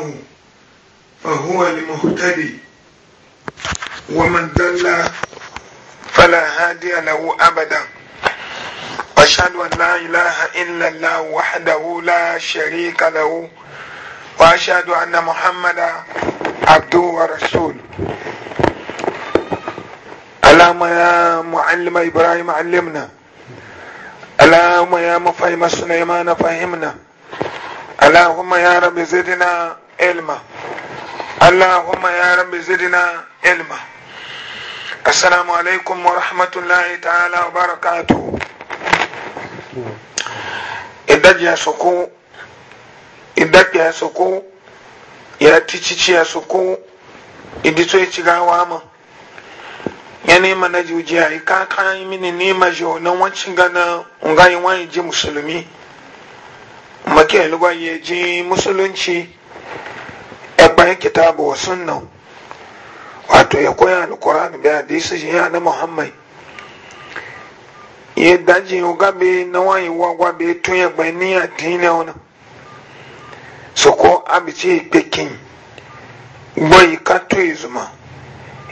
له فهو المهتدي ومن دل فلا هادي له أبدا أشهد أن لا إله إلا الله وحده لا شريك له وأشهد أن محمدا عبده ورسوله اللهم يا معلم إبراهيم علمنا اللهم يا مفهم سليمان فهمنا اللهم يا رب زدنا ilma allahumma ya rabbi zidna ilma assalamu alaikum wa rahmatullahi ta'ala wa barakatuh idaji ya soko idaji ya soko ya ticici ya soko idito ya ci gawa ma ya nema na jujiya ika kayan mini nema jo na wancin gana ngayi wani ji musulmi maki ya ji musulunci bayan kitabu wa sunna wato ya koya alkur'ani da hadisi shi ya na muhammad ya daji yau gabe na wayi wa gwabe tun ya bai ni ya tini wani so ko abici pekin gboyi kato izuma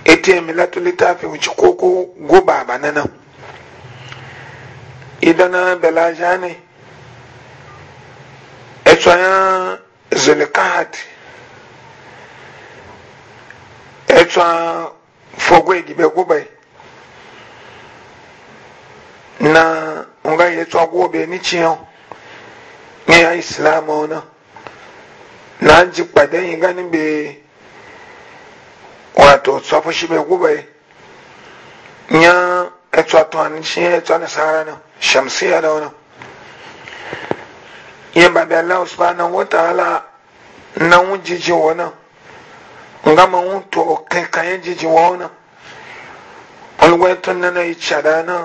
eti ya milatu littafi wuce koko guba ba na nan idana belaja ne ya anya etsɔa fɔgoe ɖi bɛ na nga yi etsɔa go bɛ ni tsiɛ ya isilamu na e. na dzi kpadɛ yi nga bɛ wato tsɔa fɔsi bɛ gobɛ nya etsɔa tɔa ni tsiɛ etsɔa nasara na shamsiya na na yɛ ba bɛ alaw subahana na ŋu dzidzi na. ngama ŋun tɔɔ kankan jiji wɔn na olùgbọ́n tó nana yìí tsada náà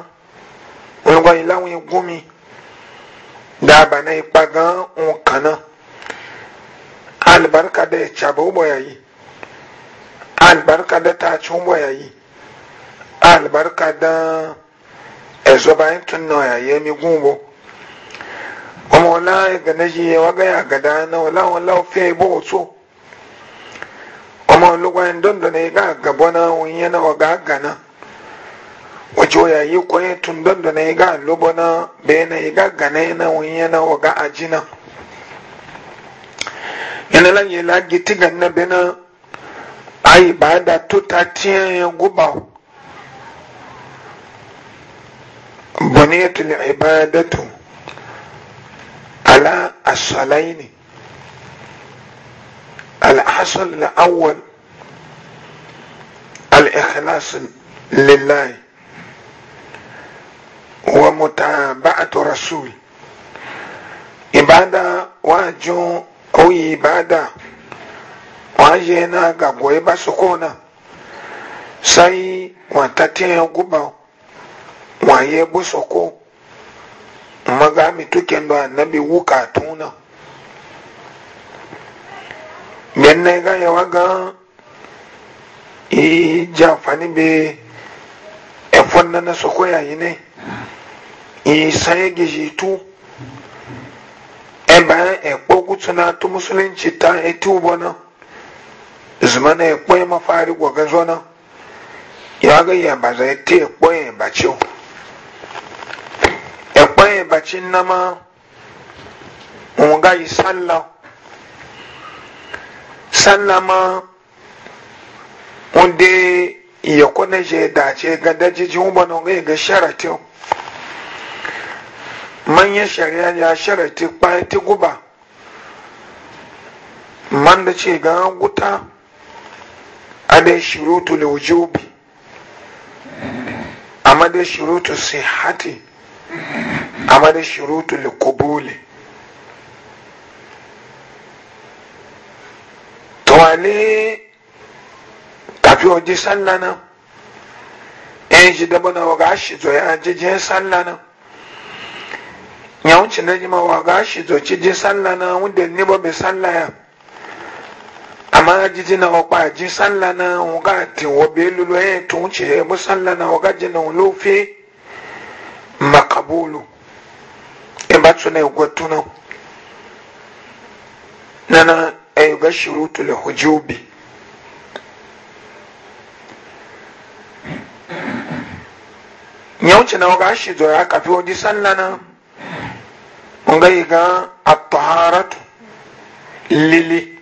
olùgbọ́n yìí láwọn egun mi náà yìí kpa alibarika dɛ tsaba wobɔ ya yìí alibarika dɛ taatsi wobɔ ya yìí alibarika dɛ ɛzɔba e ya yɛ mi gun bɔ wɔn wɔn la e gana yìí wɔn gana yà gada náà wɔn la wɔn bɔ wò ọmọ lugwan dondo ne ga gabo na wunye na waga gana wace waya yi kwaye tun na ne ga lobo na bee na yi ga gana na wunye na waga ajina na. lan yi lagi tigan na bai na ayi ba da tuta tiyan ya guba boniyatul ibadatu ala asalaini الاصل الاول الاخلاص لله ومتابعة الرسول عبادة واجو أو عبادة واجينا قبو إبا سكونا ساي واتاتين قبا ويبو سكو مغامي تكين دوا نبي وكاتونا mɛnna ga yɛ wa gan ee jɛ anfani bɛ ɛfɔ nana sɔkɔ yɛ ayi nɛ ee san yɛ gɛzi tu ɛbɛn e ɛkpɔ e kutu na to musulunci ta etiw bɔ na zuma e na ɛkpɔ yɛ ma faari gɔ gɛzɔ na yɛ wa ga yɛ baza yɛ te ɛkpɔ yɛ bakyi o ɛkpɔ yɛ bakyi nama wɔn ga yi san la o. sallama wanda ya kuna shi dace ga dajijin ubanin ga ga sharati manyan shari'a ya sharati bayan guba man da ce ga guta a da shirutu wujubi a madai sihati a madai da likubuli wale kafin oji sallah nan yan shi daba na waga shi zo ya jije sallah nan yawon ci na jima waga shi zo jin sallah nan wanda ni ba bai sallah ya amma jiji na wakpa ji sallah nan waga ti wabe lulu ya tun ci ya bu sallah nan waga jina lofi makabulu in ba tuna ya gwatu nana ay ga shurutul hujubi nyawci na waga shi zoya ya kafi wadi sanna mun ga ga at-taharatu lili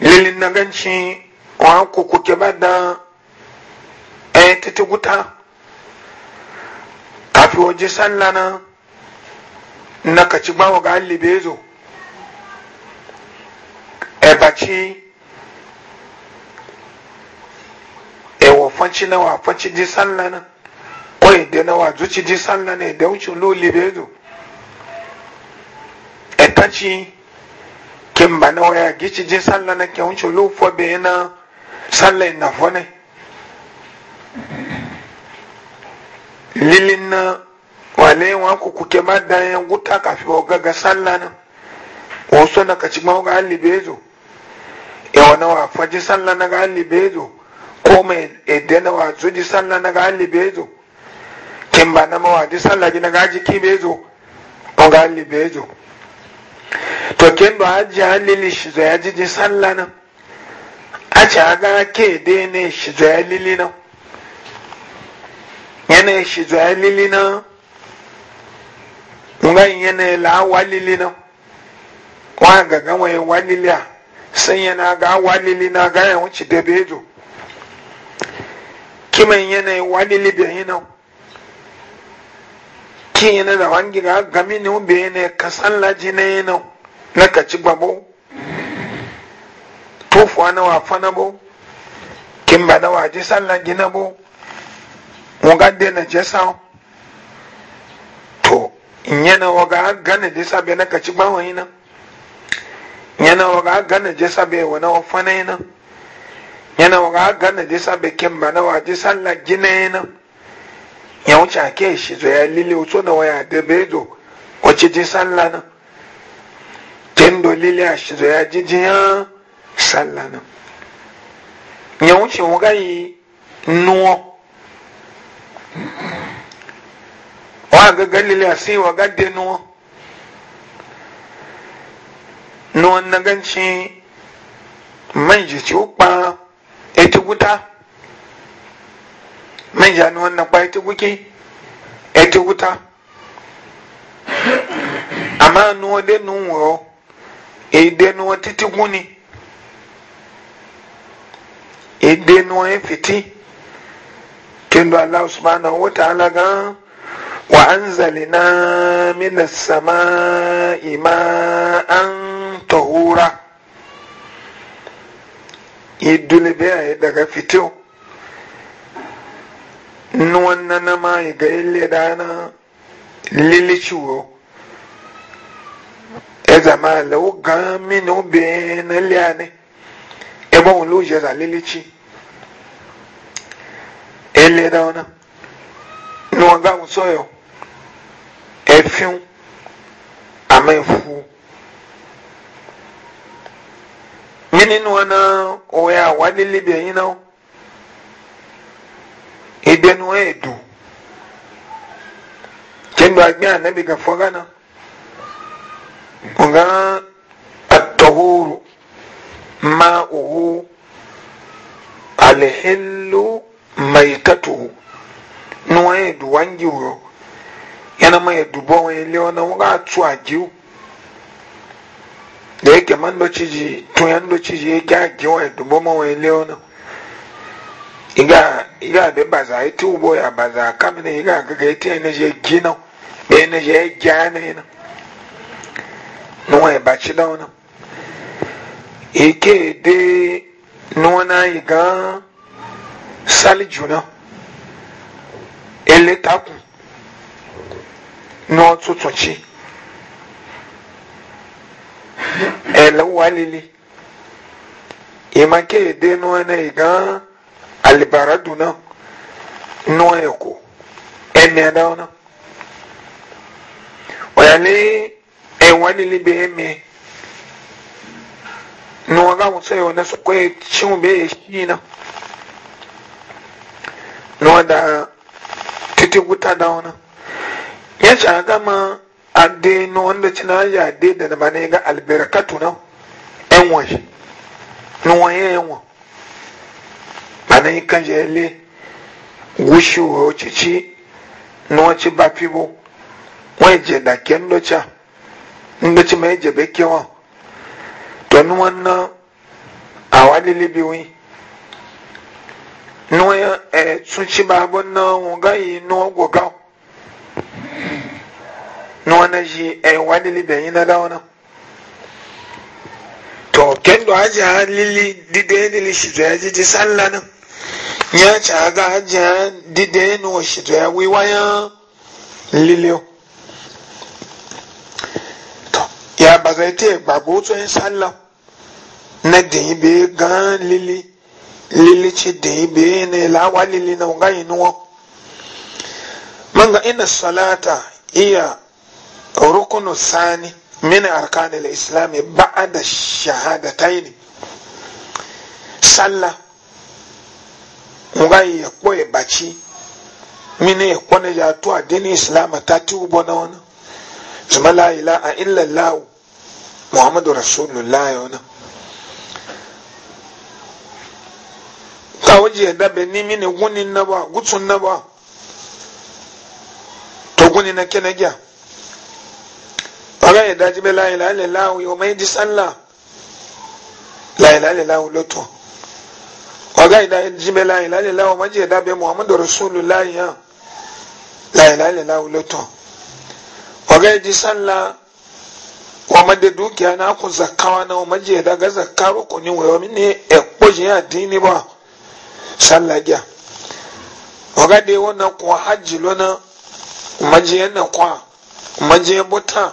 lili na ganci wa ko kuke ba da ay titi guta kafi waje na kaci ba ga alibe zo kaci ewo fanci na wa fanci ji sallah nan ko ide na wa zuci ji sallah ne da wucin loli bezo etaci kin na waya gici ji sallah na ke wucin na sallah na fone lilin na wale wa ku kuke ma da yan kafi ga sallah nan wasu na kaci ma ga alibezo e wani wa faji sallah na ga bezo ko mai edde na wa zuji sallah na ga bezo kin ba na mawa ji sallah ji na ga jiki bezo ga to kin do aji halili shi zo ya ji sallah na aji aga ke de ne shi zo ya lili na yana shi zo ya lili na ngai yana la wa lili na wa ga ga wa lili a sanya na ga walili na ga ya wuce da bejo kiman yanayin walili bai yi nan kin yana da wangi ga gami ne bai yi ne kasan laji na yi nan na kaci gbabo tofuwa na wafa na bo kin ba da waje sallan gina bo mu ga na jesa to in yana waga gane da bai na kaci gbawon yi nan yana waga gana jisa bai wani ofana yana yana waga gana jisa bai kin ba na waje sallah gina yana ya wuce ake shi zo ya lili wuto na waya da bai zo wace ji sallah na kendo lili a shi zo ya ji jiya sallah na ya wuce waga yi nuwa wa ga galili a sai waga de nuwa nuwan na ganci man ji ci ukpa eti guta man ja nuwan na kwa eti guki eti guta amma nuwa de nuwan wuro ede nuwa titi guni ede nuwa ya fiti kendo Allah subhanahu wa ta'ala gan وأنزلنا من السماء ماء طهورا يدل بها daga fito wannan na mai ga ille dana liliciwo ya zama lauga minu na liyane ebe wani lujiyar a lilici ille fɛn ama efu yini ni wɔn naa wɔyɛ a wɔalili bɛ yina o ebe ni wɔn edu kyɛnbu agbe gana nga atɔhoro ma owo alihilu maitatuhu ni wɔn edu wɔn gyi wɔ. yana ma ya dubo wani ile na wuga tu a jiwu da yake man doci ji tun yan doci ji yake a jiwu ya dubo ma wani ile na. iga iga da ba za yi tubo ya ba za ka mini iga gaga ya tiya na je gina da ya na je gya na yana nuwa ya baci da wani ike de nuwa na iga sali juna ele takun n'ọtụtụ chi elewalili ima ke ede n'ọna iga alibaradu na n'ọyọkụ ẹnẹ da ọna ọyàlẹ ẹwalili bẹ ẹmẹ n'ọga wọsọ yọ na sọkọ ẹkyiw bẹ ẹkyi na n'ọda titi guta da ọna. ya ci agama ade na wanda ci na ya ade da na bane ga albarkatu na yan washi na wanye yan wa bane yi kan jele gushi wa wace ci na wace ba fi bo wani je da ke ndocha ndocha mai je be kewa to ni wannan a wani libiwi nuwa ya tsunci eh, babon na wungayi nuwa gogawa ni wani shi eh wani da yi na launa to kendo aji ha lili dide lili shi to ya ji ji sallah nan ya ci aga aji ha dide ni wa shi to ya wiwa ya lili to ya ba zai te gbagbo to yin na dèyìn bèè gan lili lili tsi dèyìn bèè na la lili na nga yin manga ina salata iya rukunu sani min arkan al-islam ba'da shahadatayn sallah nga ya koye baci mine ya kone ya to adini islam ta ti ubo na wani zuma la ilaha illa allah muhammadu rasulullah ona wani ta waje ya dabe ni mine gunin na ba gutsun na ba to gunin na paga yɛ dadi bɛ laayi laayi laahu yi o ma yi di sanla laayi laayi laahu lɔtɔ paga yɛ dadi bɛ laayi laayi laahu o ma jɛ da bɛ muhammadu rasulu laayi yan laayi laayi laahu lɔtɔ paga yɛ di sanla wa ma de dukiya na ko zakawa na o ma jɛ da ga zakaro ko ni wɔyɔ ne ɛkpɔ jɛ a diini ba sanla gya paga de wɔna kɔn hajj lona, o ma jɛ na kɔn a o ma jɛ bɔ tan.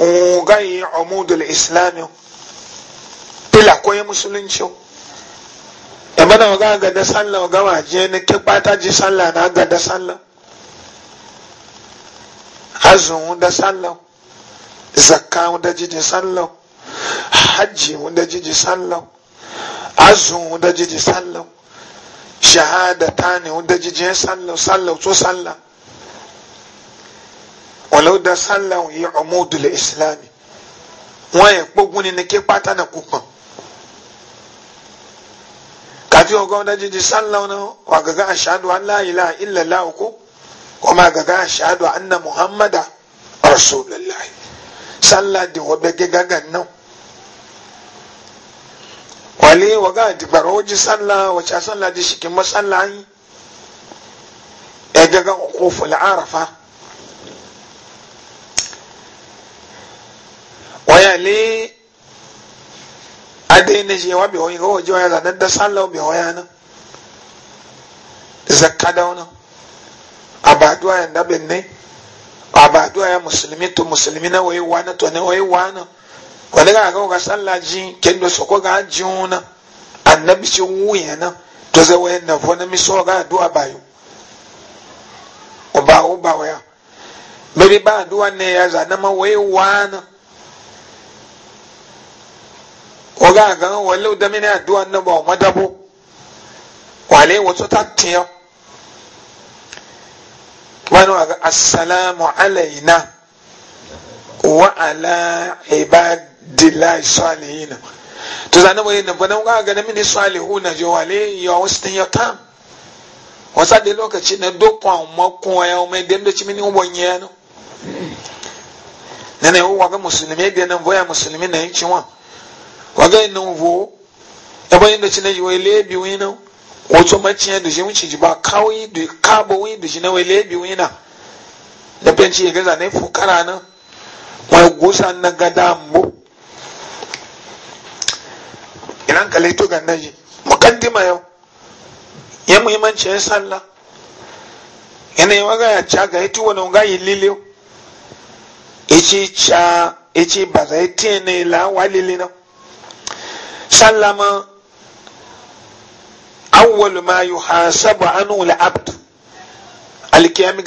un gayi islam islami ko yi musulunci ya bada ga ga da sallah ga je ne ke bata ji sallah na ga da sallah hazun da sallah zakka da jiji sallah hajji da jiji sallah azun da jiji sallah shahada tani da jiji sallah sallah to sallah walau da sallan yi umudu le islami wọn yẹ kpogun ni ne ke pata na kukan kati o gawon daji ji sallan na wa gaga ashadu an la ilaha illallah ko kuma gaga ashadu anna muhammada rasulullahi sallah di wo bege gaga nan wale waga digbara waji sallah wace sallah di shikin masallah yi ya gaga ukuful arafa wayale adai na shewa bai hoyi kawai jiwa da sallau hoya nan zakka da wani abaduwa ya nabin ne abaduwa ya musulmi to musulmi na wayi wani to ne wayi wani wani ga ga sallah ji kendo su ko ga ji wuna annabi ci wuya nan to zai wayan na fona ga aduwa uba waya ba aduwa ne ya ma wayi wani oga gan wale o dami ne aduwa ne ba ọmọ dabo wale wato ta tiya wani wa assalamu alaina wa ala ibadillahi salihina to zane wani na bana ga ga mini salihu na je wale ya wasu ta. ya tam wasa da lokaci na dokwa makon ya mai dem da cimini ubon ya no nana yi wa ga musulmi da nan boya musulmi na yin ciwon waga ina wo da ina china yi wai lebi wina wato maciya ya shi wuce ba kawai da kabo wai da na wai lebi wina da fenci ya gaza na fukara nan wai gusa na gada mu idan kalai to ganna shi mukaddima yau ya muhimmanci ya sallah yanayi waga ya wani ya tuwa na ngayi liliyo ichi cha ichi ba ya tiye ne la wa lili na sallama awwal ma yuhasabu anhu al-abd alkiyami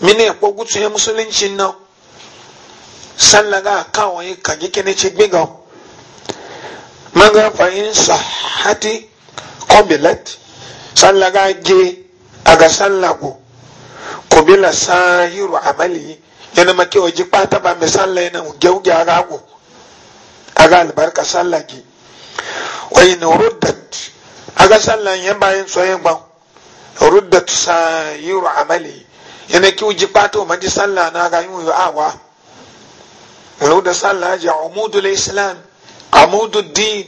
mine ko gutsu ya musulunci na sallaga kawai ka gike ne ci gbiga maga fa'in sahati qabilat sallaga ge aga sallago qabila sahiru amali yana make waji pata ba misalla yana geuge aga go aga albarka sallah ki wa in ruddat aga sallah yan bayin soyen ba ruddat sayiru amali yana ki uji pato ma sallah na ga yin yo awa ruddat sallah ja umudul islam amudud din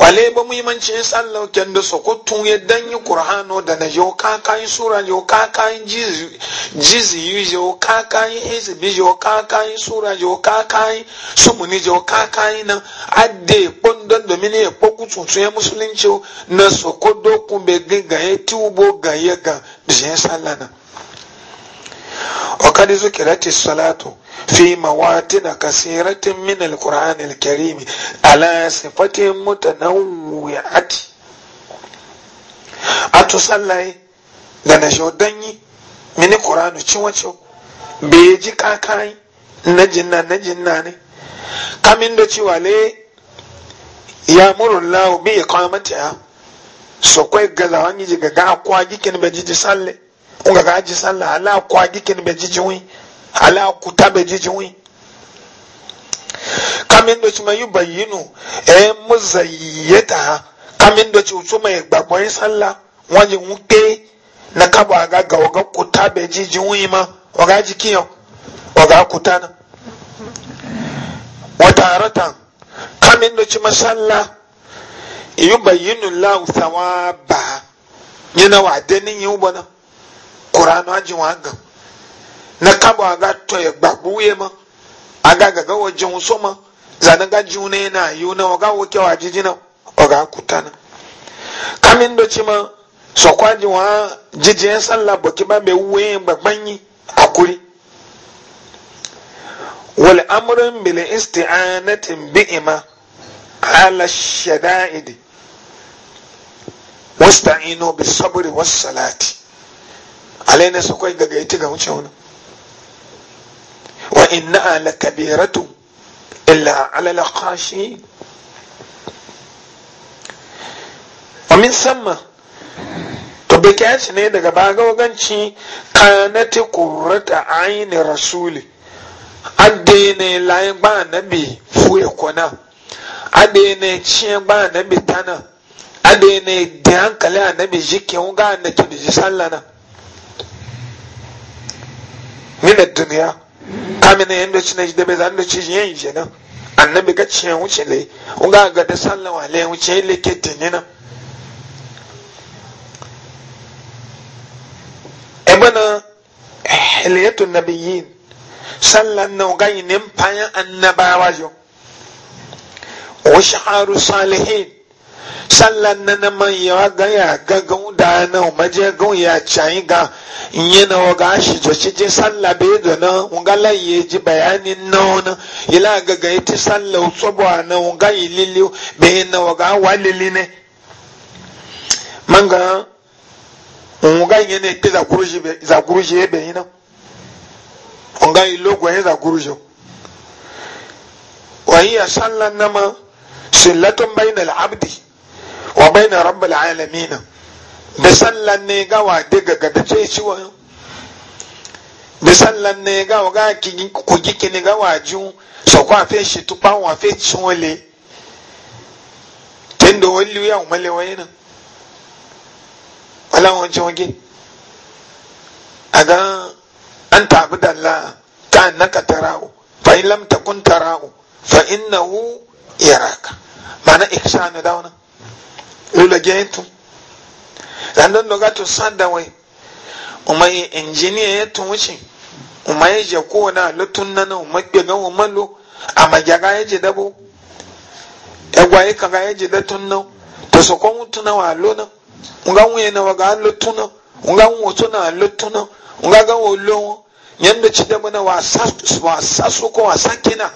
wale ba muhimmanci sallau kendo sokotun ya danyi qur'ano da na yo kakan sura yo kakan jizi jizi yo kakan hizbi yo kakan sura yo kakan sumuni yo kakan na adde pondon domin ya poku tuntun ya musulunci na sokodo kun be gangaye tubo gaye ga biyan sallana. na وقد ذكرت salatu في مواطن كثيرة من القرآن الكريم على صفة متنوعة أتصلي لنا جودني من القرآن تشوتشو بيجي كاكاي نجنا نجنا ني kamin da cewa le ya murun lawo bi ikamata ya so kwai gaza wani jiga ga akwa gikin bai jiji salle ko ga ji sallah ala akwa gikin bai jiji wani ala kuta bɛ jijin wi kamin do ma yi bayinu e mu ha kamin do ci su mai gbagbo yi salla wani ŋu kpe na kabo aga ga waga kuta bɛ jijin wi ma oga jikin yɔ ga kuta na wata aratan kamin do ma salla yi bayinu lau sawa ba nyina wa deni yi wubana na ajin wa gan na kabo aga gbagbo gbabuye ma aga gaga wajen wasu ma zanen ga juna yana yi na waga wake wa jijina waga na kamin doci ma sokwaji wa jijiyan sallah baki ba bai wuye gbagbanyi a kuri wal amrin bil isti'anatin bi'ima ala shada'idi wasta'inu bis sabri was salati alaina sokwai gaga ga wuce wani وإنها لكبيرة إلا على الخاشعين ne daga bagawaganci kanati kurata aini rasuli adene layin gba nabi fuye kona hankali a nabi jike na tudiji mina duniya kamina yin da cinai da bai zan da ci yin je nan annabi ga ciyan wuce le unga ga ga da sallan wa le wuce eh, le ke na ebe na bana hiliyatu nabiyyin sallan nan ga yin fayan annabawa jo wa shaharu salihin sallah nana man ya ga ya ga gan da na ma je gan ya chai ga nye na wa ga shi to shi je sallah bai da na un ga ye ji bayani na na ila ga ga ti sallah so ba na un ga ilili be na wa ga wa lili ne manga un ga nye ne te za kuruji be za na be ina un ga ilo gwa za kuruji wa hiya sallah nama sillatun bainal abdi wa bayna rabbil alamin bi sallan ne ga wa diga ga da ce ci wayo bi sallan ne ga wa ga ki ku gi ki ga wa ju so kwa fe shi tu pa wa fe ci wole tendo wali ya umale wayna wala won ci wonge aga anta abdallah ka annaka tarahu fa in lam takun tarahu fa innahu yaraka mana ihsanu dauna lula gentu zandon doga to sada wai umayi injiniya ya tun wuce umayi je kowane lutun nana umayi ga umalu a magyaga ya je dabo ka ga ya je da tun nan to so kon tuna wa lona nga wuye na ga waga lutuna nga wuto na lutuna nga ga wolo nyanda ci dabo na wa sa wa sa ko wa sakina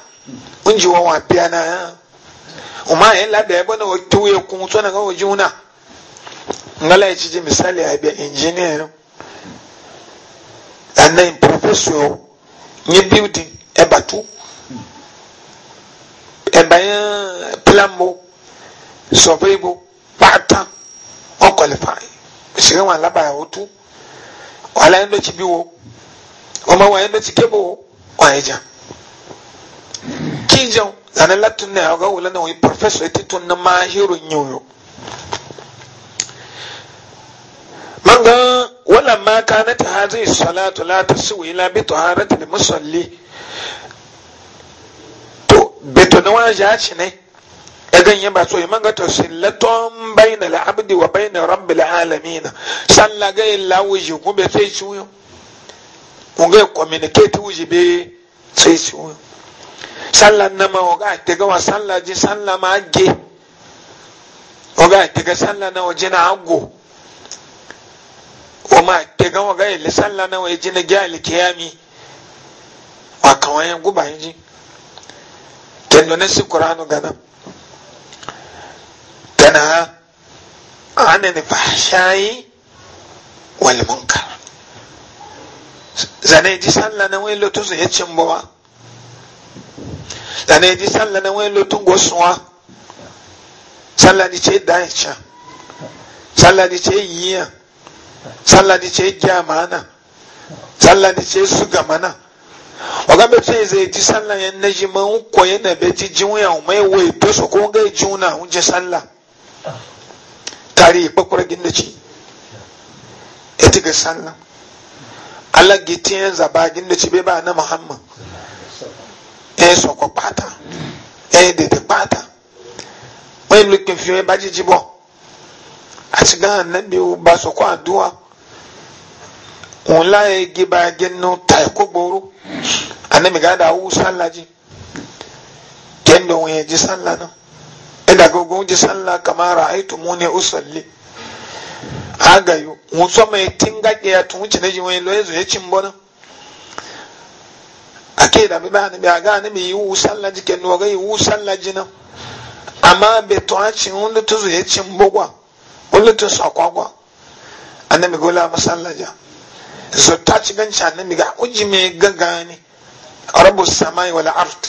unji wa wa piana ya uma yin labe ebe na otu ya kun so na ga oji una ngala ya ciji misali ya bi engineer and then professor nye building eba tu eba ya plumbo survey bo pata o qualify sigi wa laba ya otu wala yin lokaci biwo ọmọ wa yin lokaci kebo wa ya ja kin zane latin na yaga wula na wai professor ita tun na mahirun yoyo man wala ma kana ta hazi salatu la tasiwi la bi taharati li musalli to beto na wani ja ci ne egan yaba so yi manga to sillaton bayna la abdi wa bayna rabbil alamin salla ga illa wuji ku be sai ciwo ku ga communicate wuji be sai ciwo sallah nama oga tega wa sallah ji sallah ma ge oga tega sallah na waje na ago o ma tega oga ile sallah na waje na ge alkiyami wa kawayen guba ji kendo na si kuranu gana tana anan fahshayi wal munkar zane ji sallah na wai lotuzu ya cimbawa zana yi sallah na wani lotun gosuwa sallah ni ce dan can sallah ni ce yiya sallah ni ce gyamana sallah ni ce su gamana waga bɛ ce zai ti sallah yɛn naji ma n kɔ yɛn na bɛ ti jiw yan o ma to so ko n ka ye jiw na sallah kari e kpakura gin da ci e ti ga sallah ala gitiyan zaba gin da ci bai ba na muhammad ẹ sọkọ pátá ẹ dẹdẹ pátá wọn yìí lókè fi wọn bá jíjí bọ àti gan anabi wo ba sọkọ àdúrà wọn láyé gébàgé nù ta ẹkọ gbòòrò anabi gàdá awú sálàjì kẹndọ wọn yẹn jí sálà náà ẹ dàgbogbo wọn jí sálà kàmára ẹ tó mú ni ó sọlẹ agayo wọn sọ ma ẹ tí ń gàgbé ya tó ń wọn yẹn lọ ẹ zọ ẹ kyi ń bọ náà. ake da bi bani bi aga ni mi wu salla ke nuwa ga wu sallaji nan. amma be to a cin wanda to zo ya cin bugwa wanda to sa kwagwa annabi gola masallaja zo ta ci gan na mi ga uji me a rabu samai wal ard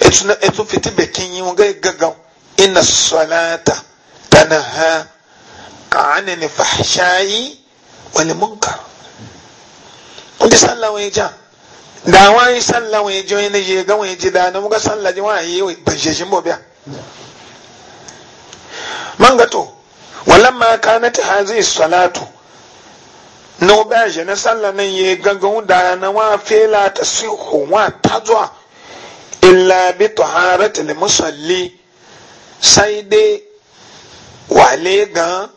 etu fiti be kin yi wani gaga inna salata tanaha anil fahsha'i wani munkar Wani sallawa ya ja da wani sallah wani ji wani je ga wani ji da na muka sallah ji wani yi ban sheshin bobiya man gato wallan ma na ta salatu no ba je na sallah nan yi gangan da na wa fela ta sihu wa ta zuwa illa bi taharati li musalli sai dai wale gan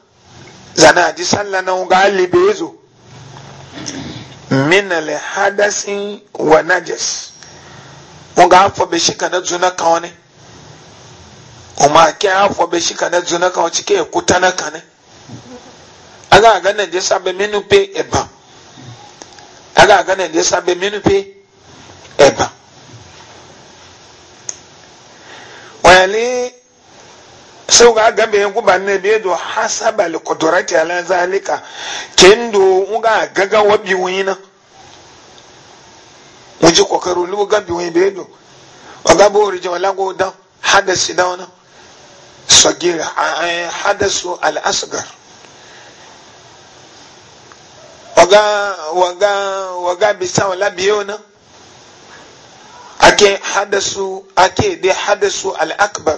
zana ji sallah nan ga zo. minal hadasin wa najas wọn ga afọ bɛ shika na zuna kan ne ɔma kɛ afɔ bɛ shika na zuna kan ɔkyi kɛ ekuta na kan ne aga aga na jesa bɛ minu pe ɛba aga aga na jesa bɛ pe ɛba wɛli. sau ga gabe yanku ba ne be do hasaba li qudrati ala zalika kendo nga gaga wabi wina muji kokaru lu gabi wina bai do waga bo rije wala go da hadasi da wana sagir hadasu al asgar waga waga waga bisa wala biyona ake hadasu ake de hadasu al akbar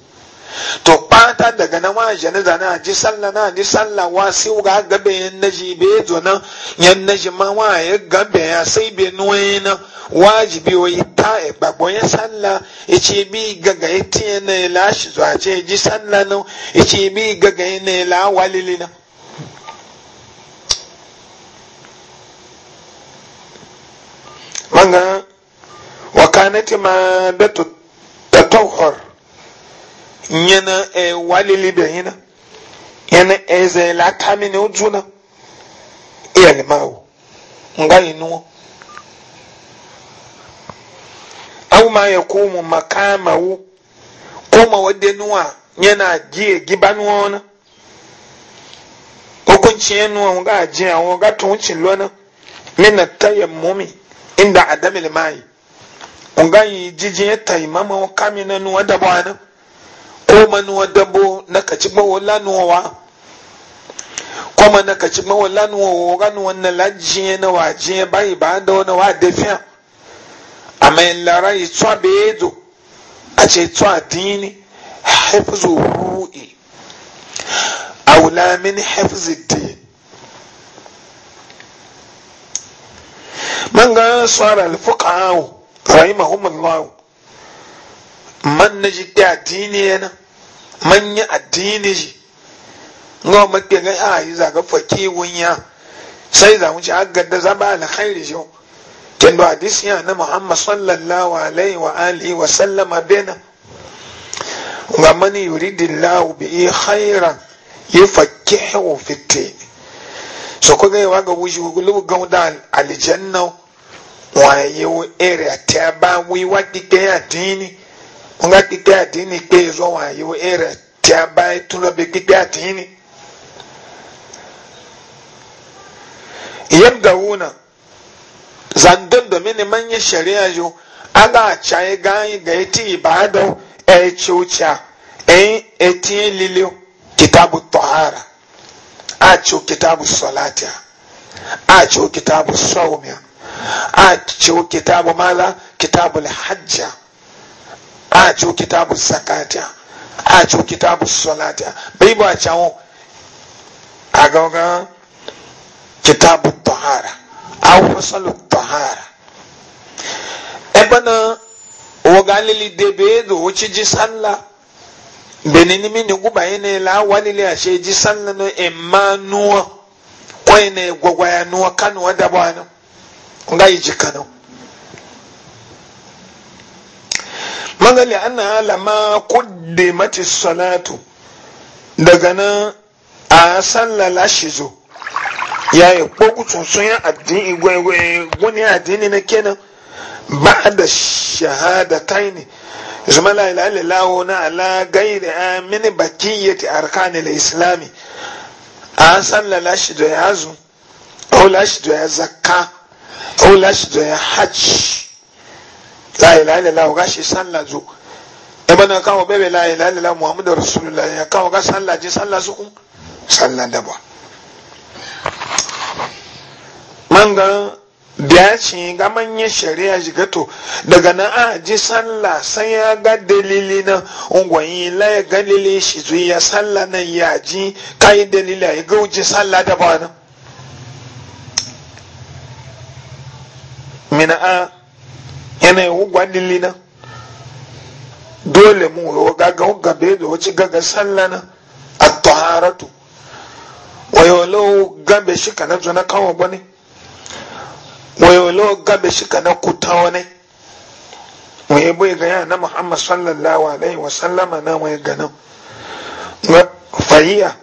to kpata daga na wa jani da na ji sallah na ji sallah wa si ga gabe yan naji be zo nan yan naji ma wa ya gabe ya sai be nuwe na wajibi o ta e gbagbo yan ya e ci bi gaga iti na la shi zo a ce ji sallah na ichi e bi gaga na la walili na manga wakanati ma ta tatawhar yana e walili da yana yana e zai lata mini ujuna iya e limawo nga inuwa aw ma ya kumu makamawu kuma wadda nuwa yana jiye giban wani hukunci ya nuwa ga ajiya wa ga tuncin lona mina tayammumi inda adamil mai nga yi jijin ya taimama na nuwa da bwana ko manuwa dabo na kaci gbawo lanuwa kuma na kaci gbawo lanuwa ranuwa na lajiye na wajiye bayi ba da wani wa dafiya a mai lara yi tsuwa bai do a ce tsuwa dini haifuzo ru'i a wulamin haifuzo dini من قال صار الفقهاء رحمهم الله a نجد na. manya addini shi ngawa mafi gan a yi zaga fake wunya sai za mu ci agadda za ba alkhairi shi kendo hadisi ya na muhammad sallallahu alaihi wa alihi wa sallama bena ga mani yuridillahu bi khairan yufaqihu fitti so ko gaiwa ga wuji gulu ga da aljanna wa yayi area ta ba wi wa dike addini nga gbigbe adini gbe ezɔ wa ayi wo ere ti aba etu lɔ be gbigbe adini yɛm da wo na zandondo mi ni ma nye sharia yo aga atsa yi gan ye ga eti ibaa dɔ e ɛtsi wo tsa ɛyin e eti lili kitabu tɔhara atsi wo kitabu sɔlatia atsi wo kitabu sɔwomia atsi wo kitabu mala kitabu lihajja. a cu kitabu sakata a cu kitabu salata bai ba can a gaugan kitabu tahara a fasalu tahara ebana wagalili debe da wuce ji sallah benin mini guba ne la walili a she ji sallah no emmanuel kwai ne gwagwaya nuwa kanuwa da bwanu nga yi ji kanu magali ana lama kudde mace salatu daga nan a sallala shi zo ya yi kogu tsuntsun ya addini gwani addini na kenan ba da shahada taini zama la ilaha illallah na ala gairi amini bakiyati la islami a sallala shi da ya zo ko lashi da ya zakka ko lashi da ya hajj la ilaha illallah ga shi sallah zo e bana kawo bebe la ilaha illallah muhammadu rasulullah ya kawo ga sallah je sallah su kun sallah da ba manga biya ci ga manyan shari'a shiga to daga nan a ji sallah san ya ga dalili na ungwayi la ya ga dalili shi zuwa ya sallah nan ya ji kayi dalili ya ga ji sallah da ba nan mina a yana yi gwa lili na dole mu yi wa gaga gabe da wace gaga sallah na a taharatu wayolo gabe shi kana zuna kawo bane wayolo gabe shi kana kuta wani waye bai ga na muhammad sallallahu alaihi wa sallama na waye ga nan fahiya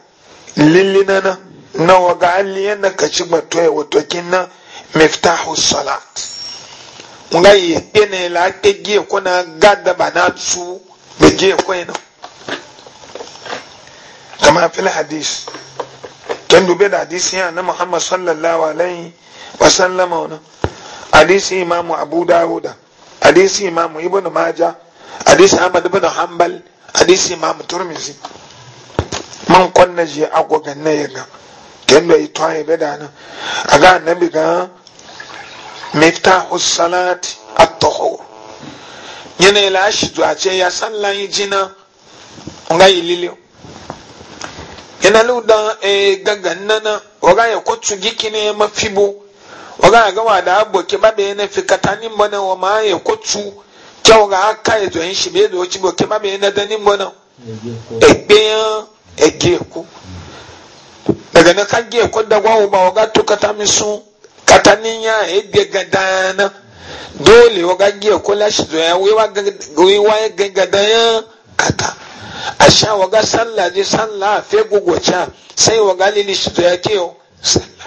lillina na na waga alliyan na kaci batoya watokin na miftahu salat nga yi ene la ake gie ko na gada ba na tu be gie ko ina kama fil hadis kan dube da hadisi ya na muhammad sallallahu alaihi wa sallama wa hadisi imamu abu dawuda hadisi imamu ibn maja hadisi ahmad ibn hanbal hadisi imamu turmizi man kwanna je agwagan na yaga kan da ito ya beda na aga annabi ga miftahu salati at-tuhur nyene ila ashidu ache ya sallan nga yana e nana waga ya kotu gikine ya mafibu waga da abu ke babe wa ma ya kotu kyau ga aka ya zuwa shi bai zuwa ci babe ku daga na ko da gwawo tukata kataniya ebe gadana dole waga giya kula shi zoya wiwa ya gadana kata a sha waga sallah je sallah fe gugwacha sai waga lili shi ya ke salla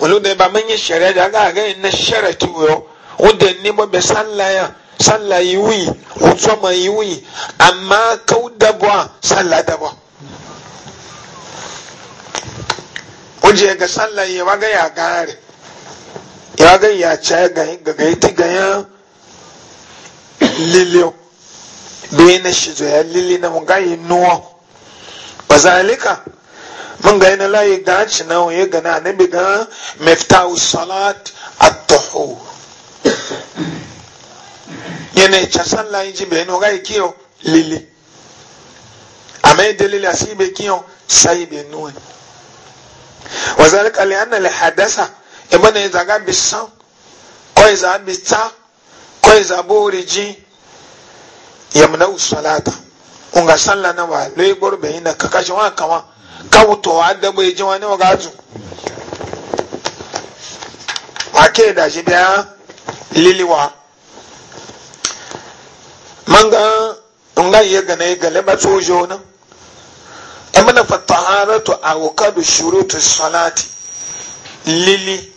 wani da ba manyan shari'a da aga ga na sharati yo wanda ne ba be salla ya salla yi wuyi wutsoma yi wuyi amma kau dabwa sallah dabwa wajen ga sallan ya waga ya gare ya waga ya ce ga gaiti ganyen liliyo bai na shi ya lili na munga yi nuwa ba zalika mun ga yana layi ga ci na waye gana annabi ga miftahu salat at tuhu. yana ce sallan ji bai nuwa ga kiyo lili amma dalili asibe kiyo sai bai nuwa wazalika liana le hadasa ebana eza ga bi san ko eza ta ko eza bori ji yamna usalata unga salla na wa le gboro be ina kaka shi wa kama ka wuto wa da bo ji wa wa ga zu ake da shi da liliwa manga unga gale ba na ɛmɛnɛ fɛ tahara to awoka do shuru to salati lili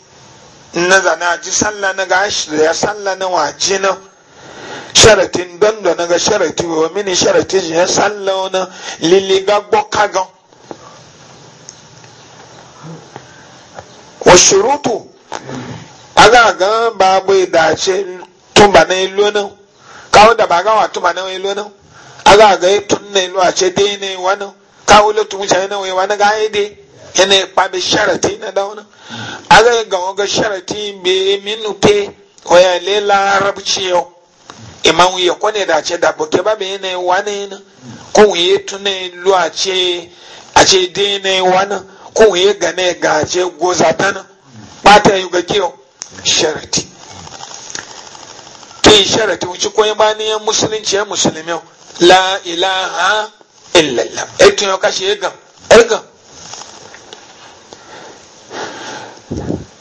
na zana ji sallah na ga ya sallah na waje na sharatin dondo na ga sharati wa mini sharatin ya sallah na lili ga gboka gan wa shurutu aga ga babu idace tumba na ilu na kawo da ba ga wa tumba na ilu na aga ga tun na ilu a ce dai wa wani kawula tu mutane na wai wani gaya dai yana ya faɗi sharati na dauna aga ga ga sharati be minute waya le larabci yau imam ya kone da ce da boke ba be yana wani na ko ya tuna lu a ce a ce dai ne wani ko ga ne ga ce goza ta na bata yi ga kiyo sharati ke sharati wuce koyi ya ne musulunci ya musulmi la ilaha illallah etu yo kashi egam egam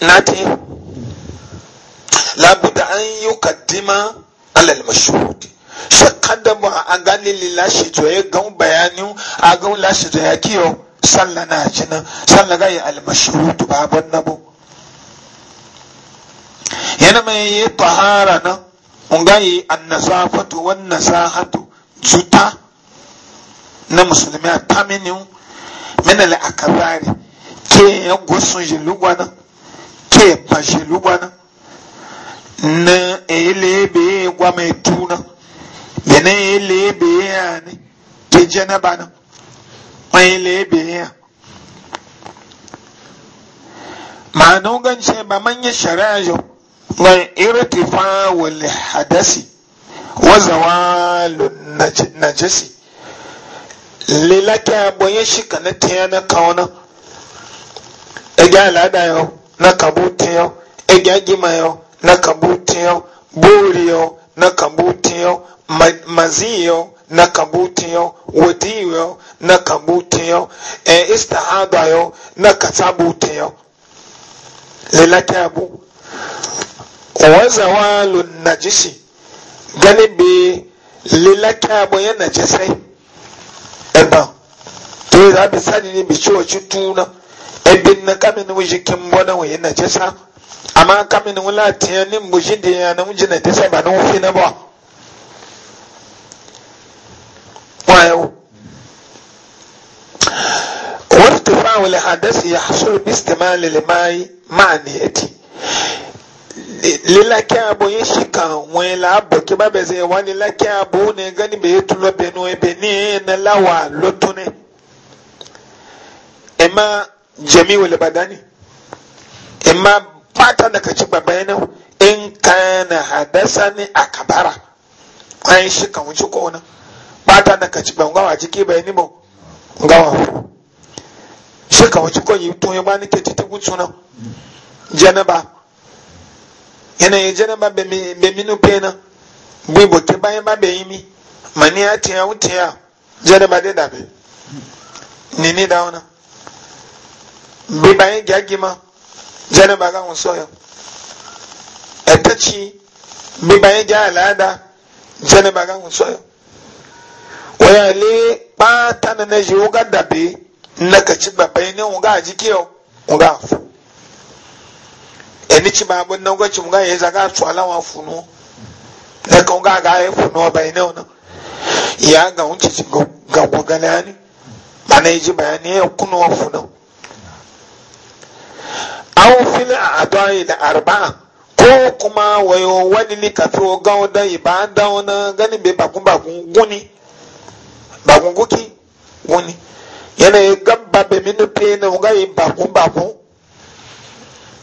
nati labuda an yi yukaddima alal mashhud shakadama a gani lilashi to ya gan bayani a gan lashi to ya kiyo sallah na jina sallah ga ya almashhud baban nabo yana mai yi tahara na ungayi annazafatu wan nasahatu zuta na musulmi atamini mina le akabari ke ya gosun jelu gwana ke ba jelu gwana na ele be e gwa mai e tuna yana ele be ya e ne ke jana bana ele be ya ma'anin gance ba manyan shari'a yau na irtifa wal hadasi wa zawalun najasi lela kya bonye shi ka na tiya na kawo na ege alada yau na kabu tiya ege agima yau na kabu tiya buri yau na kabu e, tiya mazi yau na kabu tiya wadi yau na kabu tiya e istahada yau na katabu tiya lela kya bu wa zawalun najisi gani bi lila kya bonye najisai ɛba te za bi sani ne bi ci wa ci tuna ebin na kami ni wuji bɔ na wuyi na cisa amma kami ni wula tiɲɛ ni muji de na wuji na cisa ba na wufi na bɔ wayo wani tufa wale hadasi ya hasul bi istimali limayi ma'ani yati lila kyan abu yin shi kan wani labo ki babe zai wani la kyan abu ne gani bai yi tulo benu ebe ni na lawa lotu ne ima jami wale badani ima fata da ka ci baba yana in kana hadasa ne a kabara an shi kan wuce ko wani fata da ka ci ban gawa jiki bai ni ba gawa shi kan wuce ko yi tun ya bani ke titi gutsu na janaba yana yi janaba be minu pena gbe boke bayan ba be yi mi mani ya tiya wutiya janaba de dabe ni ni da wana bi bayan gyagi ma janaba ga wasu yau ta ci bi bayan gya al'ada janaba ga wasu yau waya le ɓata na na ji wuga dabe na ka ci babai ne wuga a yau wuga a emi tsi maa bo na ŋgɔ tsi mu ga yeza ga tsu ala wa funu ne ko ga ga ye funu wa bayi ne wo na ya ga ŋu tsi ga go gana ni mana yi ji bayani ya kunu wa funu awo fili a yi da arba ko kuma wayo wani ni kafi o gawo da yi ba da wo na gani be bakun bakun guni bakun guki guni yana yi gamba be minu pe na ŋu ga yi bakun bakun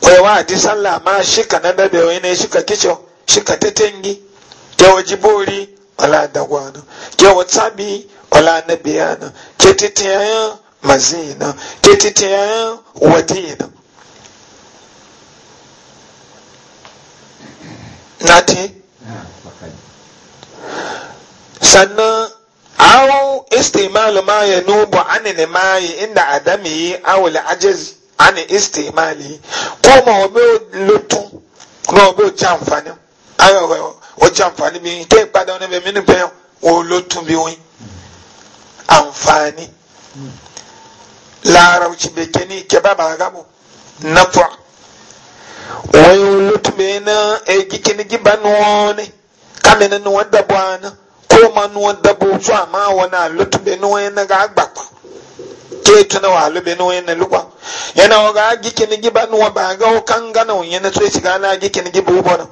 kwaiwa di sallah ma shika na dabe ne shika kicho shika tetengi ke wajiburi bori wala dagwano ke watsabi wala nabiyana ke titiyayen mazina ke titiyayen wadina nati sannan au istimalu ma yanubu anil mai inda adami aw al ajiz ani istimali ko e ma o bɛ lotu na o bɛ jẹ àǹfààní ayọ o jẹ àǹfààní mi ne mini bɛ o lotu bi wi àǹfààní laara o bɛ kɛ ni kɛba b'a nafa wɔn lotu bɛ na egi giba nɔɔni kamina ni ana dabɔ so lotu bɛ na ke na wa lube na yin lugwa yana wa ga gikin giba no wa ba ga kan ga no yin to ci ga na gikin giba ubo no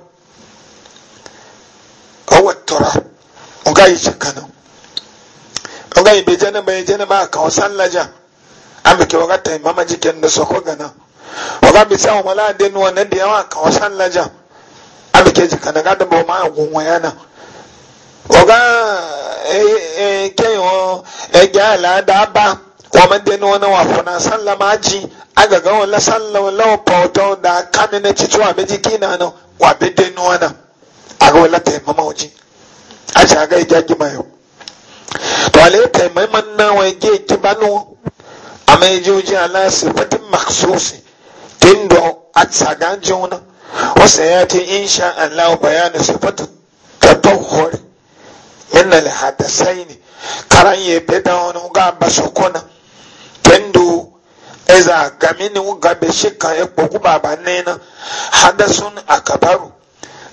awa tora o ga yi shakana o ga yi bejana bai jana ba ka wasan laja an ke wa ga tai mama jikin da soko gana Oga bisa bi sa wa la de no na de wa ka wasan laja an ke jikana ga da ba ma gunwa yana o ga eh eh ke eh, ba waman deni wani na sallah maji a ga wala sallah wala pauta da kanu na cici wa beji kina na wa ni wani a ga wala ta mama uji a ga ija gima yau to ale ta mama na wa ge a ama eji uji ala sifatin maksusi. tindo ji wani wasa ya ce insha Allah bayanu sifatu tatahhur min sai ne karan ye bedan ga basokona kendo eza gamini gabe shika kan ekpo baba nena hadasun akabaru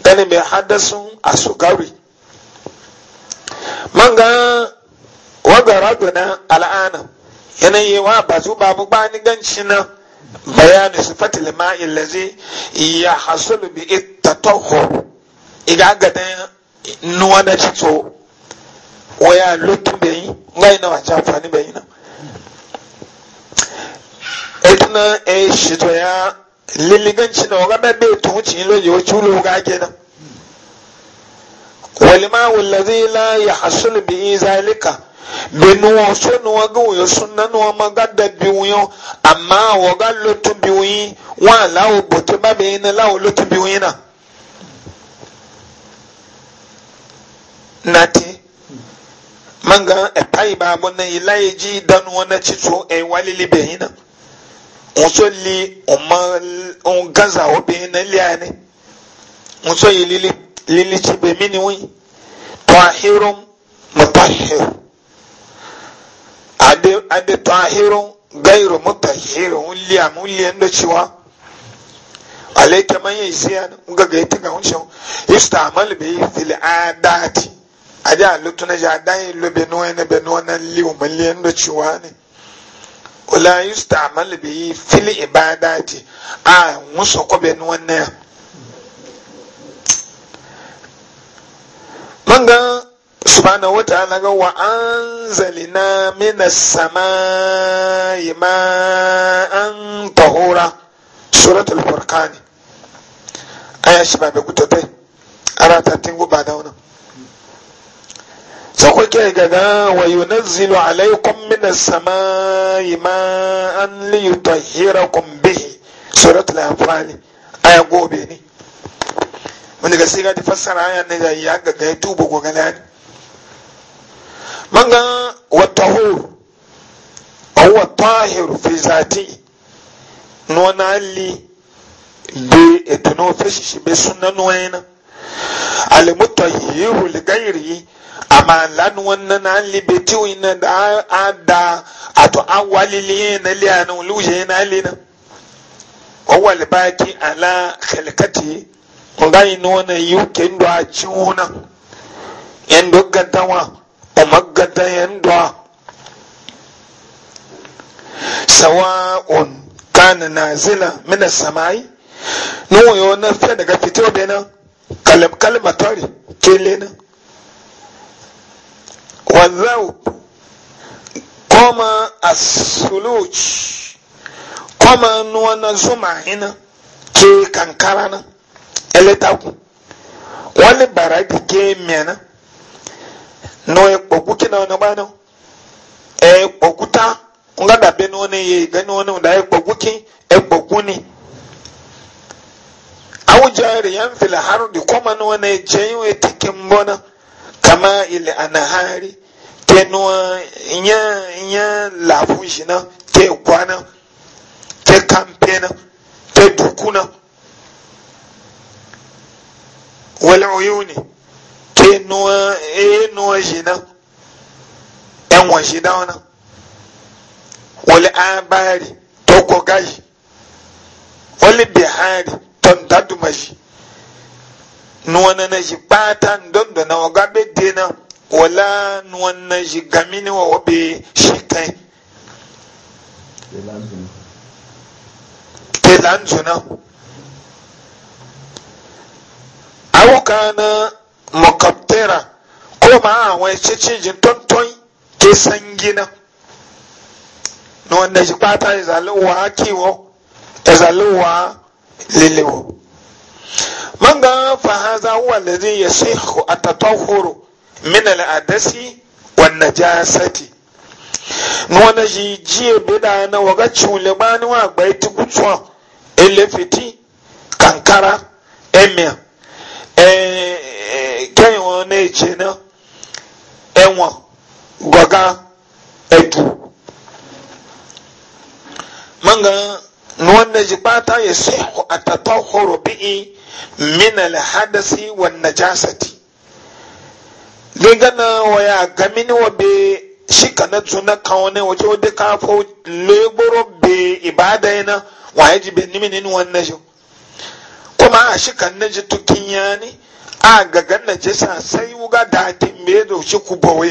gani be hadasun asugari manga wagara guna al'ana yi wa bazu babu bani ganci na bayani sifatil lima ilazi ya hasulu bi ittatahur iga gada nuwa na ci waya lutun bayi ngayi na wace amfani bayi na etuna e shito ya liliganci na waga bebe tuhuci ilo yi wuce ulo ga ake nan walima wallazi la ya hasul bi izalika bi nuwa so nuwa ga wuyo sunna nuwa magadda bi wuyo amma waga lotu bi wuyi wa lawo bote ba bi na lawo lotu bi wuyi na nati manga e pai ba bo na ilaji dan wona ewa lili walili na nso li ọma nganza obìnrin na lé ani nso yi lili lili tsi miniwi mi ni mụta tɔahirom mutahir ade ade tɔahirom gairo mutahirom lia mu lia ndo tsi wa ale kama yi zia nga ga eti ka ho tsi ho ista amali bɛ yi fili adaati ade alotu na ji adan yi lo bɛ na bɛ nuwa na li o ma lia ndo tsi wala yi fili ibada ibadati a musu kobe ni wannan manga subhanahu wa ta'ala ga wa anzalina minas samai an tahura suratul furqan aya shi ba be gutote ara ta tingu ba da wannan soko ke gaga wa yunazzilu alaykum minas samai ma'an li yutahhirakum bihi suratul anfal aya gobe ne wani ga sai ga ta fassara aya ne ga ya ga ya tuba ko ga lani manga wa tahur huwa tahir fi zati nona ali be etano feshi be sunna noyena al mutahhiru li ghairihi amma lanu wannan an libe tiwi na da an da a to an walili na liya na luje na lina wawal baki ala khalkati ngai nona yuke ndo a ciwuna yan dogata wa o magata yan do sawa'un kana nazila min samai nuwa yo na fe daga fito na kalam kalmatari kelena والذوب كما الثلوج كما نوانا زمع هنا كي كنكرنا اللي تاكو wani baraki ke dị no e kpoku kina ona bana e kpoku ta nga da be no ne ye ga no ne da e kpoku ki e kpoku ni awu yan fil no ne je e bona kama ile anahari tenuwa nya nya lafun shi na ke kwana ke kampe na ke dukuna wal uyuni ke nuwa e nuwa shi na yan wa shi da wana wal abari to ko gashi wal bihari ton daduma nuwana na shi ɓatan don da nawa gabe dena wala nuwana shi gamini wa wabe shi kai telan zuna awuka na makaptera ko ma awon cikin jin tonton ke sangina nuwana shi bata ya zalewa kiwo ya zalewa lelewa man ga fa hadha huwa alladhi yasihu at min al-adasi wan najasati nwana ji bida na waga cule bani wa gbai ti gutsuwa elefiti kankara eh na bata yasihu min alhadasi wan najasati ligana waya gamini wa be shika na tuna kawane wace wadda ka fo leboro be ibada yana waye ji be nimini ni wannan shi kuma a shika na ji tukin ya ne a gagan na jisa sai wuga da timbe da shi ku bawe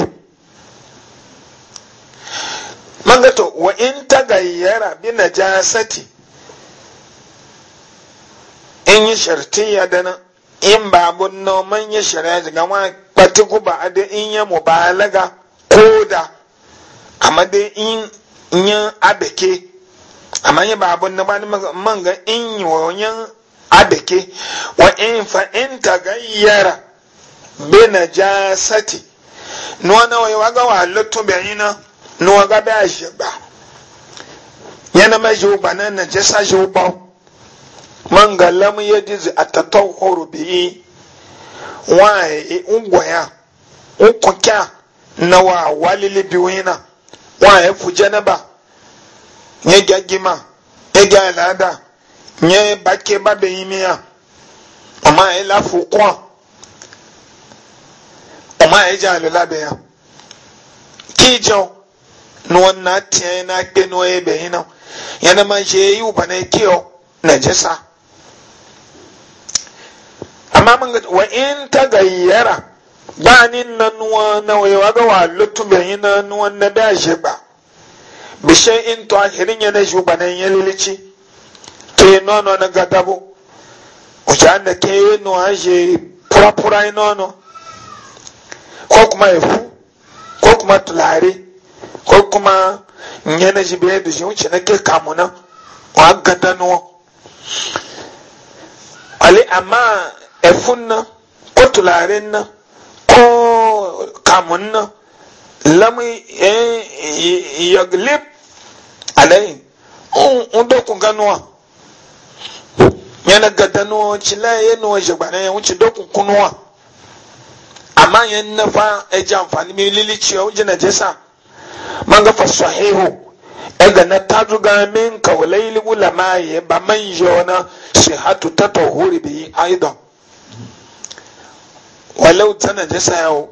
mangato wa in tagayyara bi najasati in yi shartiya da nan in babu noman ya shari'a daga wani kwatiku ba a da in ya mubalaga ko da amma da in yin abeke amma yi babu na bani manga in yi yoyin abeke wa in fa in ta gayyara bi na jasati nuwa na wai waga wa halittu bai na nuwa ga a shi ba yana mai shi ba na jasa shi ba man ga dizi yajiz atatahuru bihi waye ungoya ya na wa walili biwina waye fujanaba nye gagima nye galada nye bake babe yimiya amma ya e lafu kwa amma ya e jalu labe ya na nuwan na tiya na gbe nuwa ebe yi na na ma je yi ubana kiyo na jesa amma mun ga wa in ta gayyara ba ni na nuwa na wai waga wa lutu bai na nuwa na da shi ba bishe in to hirin ya na shi ba nan ya lilici ke nono na gadabo wace an da ke yi nuwa shi fura-fura nono ko kuma ya fu ko kuma tulare ko kuma yana shi bai da shi wuce na ke kamuna wa gada nuwa ali amma ɛfun na ko tularen na ko kamun na lamu eh, yaglib alayi n dokun ganuwa yana gada nuwa ci laye nuwa jagbana ya wuce dokun kunuwa amma yan nafa eji amfani mai lilici ya wuce na sa. Manga gafa sahihu ega na tajuga min kawalai ulama ya ba ma yi wani sihatu ta tahuri bi aidan walau tana jasa yawo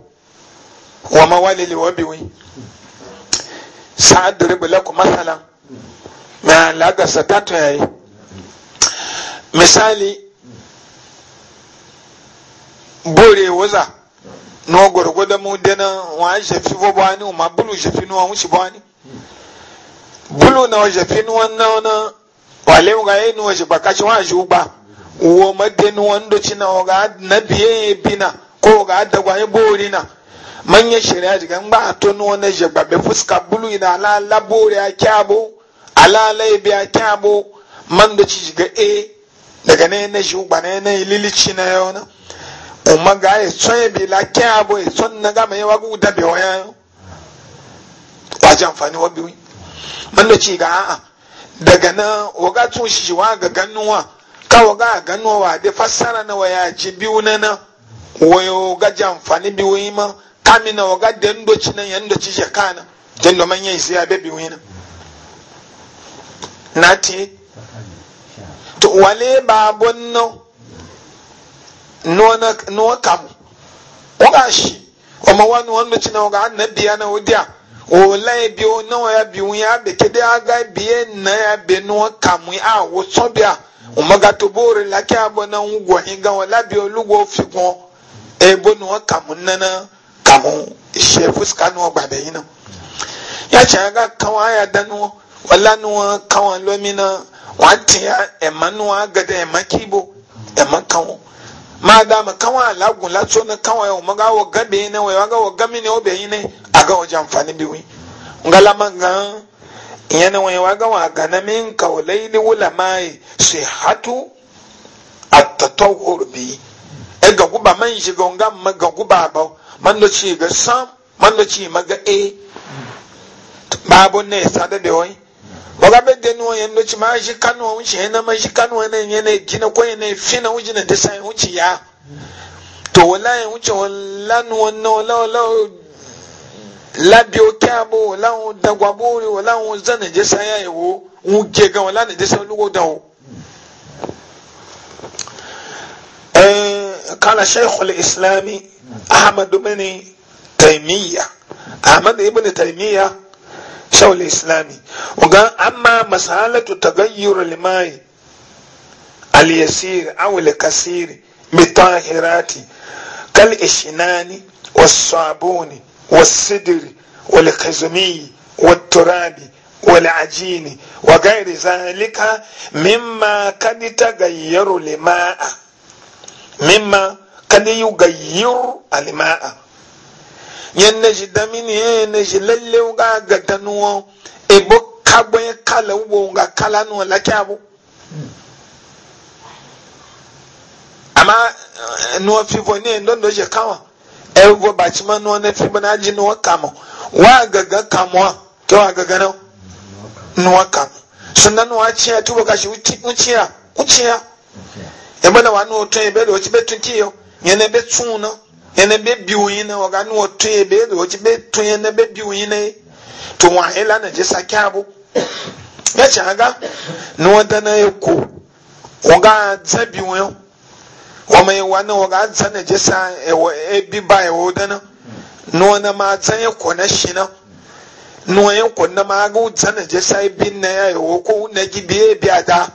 wa mawalili wa biwi sa'ad duribu lakum masalan na lagasa tatu yayi misali bore waza no gwargwada mu dena wa shafi fo bani ma bulu shafi no wa shi bani bulu na wa shafi no na na wale ga yi no shi bakashi wa shi ba wo madenu wando china wa ga na biye bina ko ga gwa ya bori na manyan shirya daga ba a tono na jagbabe fuska bulu ina alala bori a kyabo alala ibi a kyabo man da ci jiga e daga na yana shi gbana na yana ililici na yau na umma ga ya e son ya bela kyabo ya e son na gama yawa ga udabe wa yau wajen amfani wa biyu man da ci ga a'a daga na waga tun shi wa ga ganuwa ka waga ganuwa wa da fassara na waya ji biyu na na wayo ga ji amfani bi wani ma kami na waga da ndoci nan ya ndoci shekana don da manyan isi ya bebe wani na te to wale babon nan nuwa kamu waga shi wama wani wanda ci na waga an na biya na wadiya wòlá ebi onáwó ya bi ya bekede aga na ya be nuwa kamu a bi fi ebo ni wọn kàmú nana kàmú ṣe fúsìkà ni wọn gbà bẹ yín náà yàtí àga kan wọn àyà dánú wọn lánú na kan wọn lómi náà wọn ti ẹ̀ma nu wọn agẹdẹ ẹ̀ma kíbo ẹ̀ma kan wọn máa dá ma kan wọn àlágùn látó ní kan na ẹ̀ ya gá wọ gán bẹ yín náà wọn gá wọ gán mi ní ọbẹ yín náà àga wọn ngalama gan ìyẹn ni wọn yẹn wọn gá wọn àgànà mi nkà wọn lẹ́yìn ní wúlà máa yìí ṣe hàtú e ga guba man shi nga ma ga guba ba man da ci ga sam man da ci ma ga e babu ne sada da wai ba ga bedde no yen da ci ma shi kanu wun shi na ma shi kanu ne yen ne na ko yen ne fina wun na da sai wuci ya to wallahi wuce wallan wannan wala wala labi oke abo wala wun dagwa bori wala wun zana je sai ya yiwo wun ge ga wala ne je sai lugo da wo eh قال شيخ الإسلام أحمد بن تيمية أحمد بن تيمية شيخ الإسلام وقال أما مسألة تغير الماء اليسير أو الكثير بطاهرات كالإشنان والصابون والسدر والخزمي والتراب والعجين وغير ذلك مما قد تغير الماء mimma kada yugayyiru alma'a yan na shi damini yan na shi lalle ga ga ebo kagbo ya kala kala nuwa laki abu amma eh, nuwa fifo ne don ebo ma nuwa na fifo na ji nuwa kama wa gaga ke wa gaga na nuwa kama sannan nuwa ciya tuba ebona wa no ebe lo chibe tun kiyo yene be tun na yene be na waga no ebe lo chibe tun be biu na to wa na je sakyabu aga na yako waga zabi ya wama aga, wa na waga za na bi ba e wo na na no na ma za na shi na na ma ga za na je sa e na ya e ko na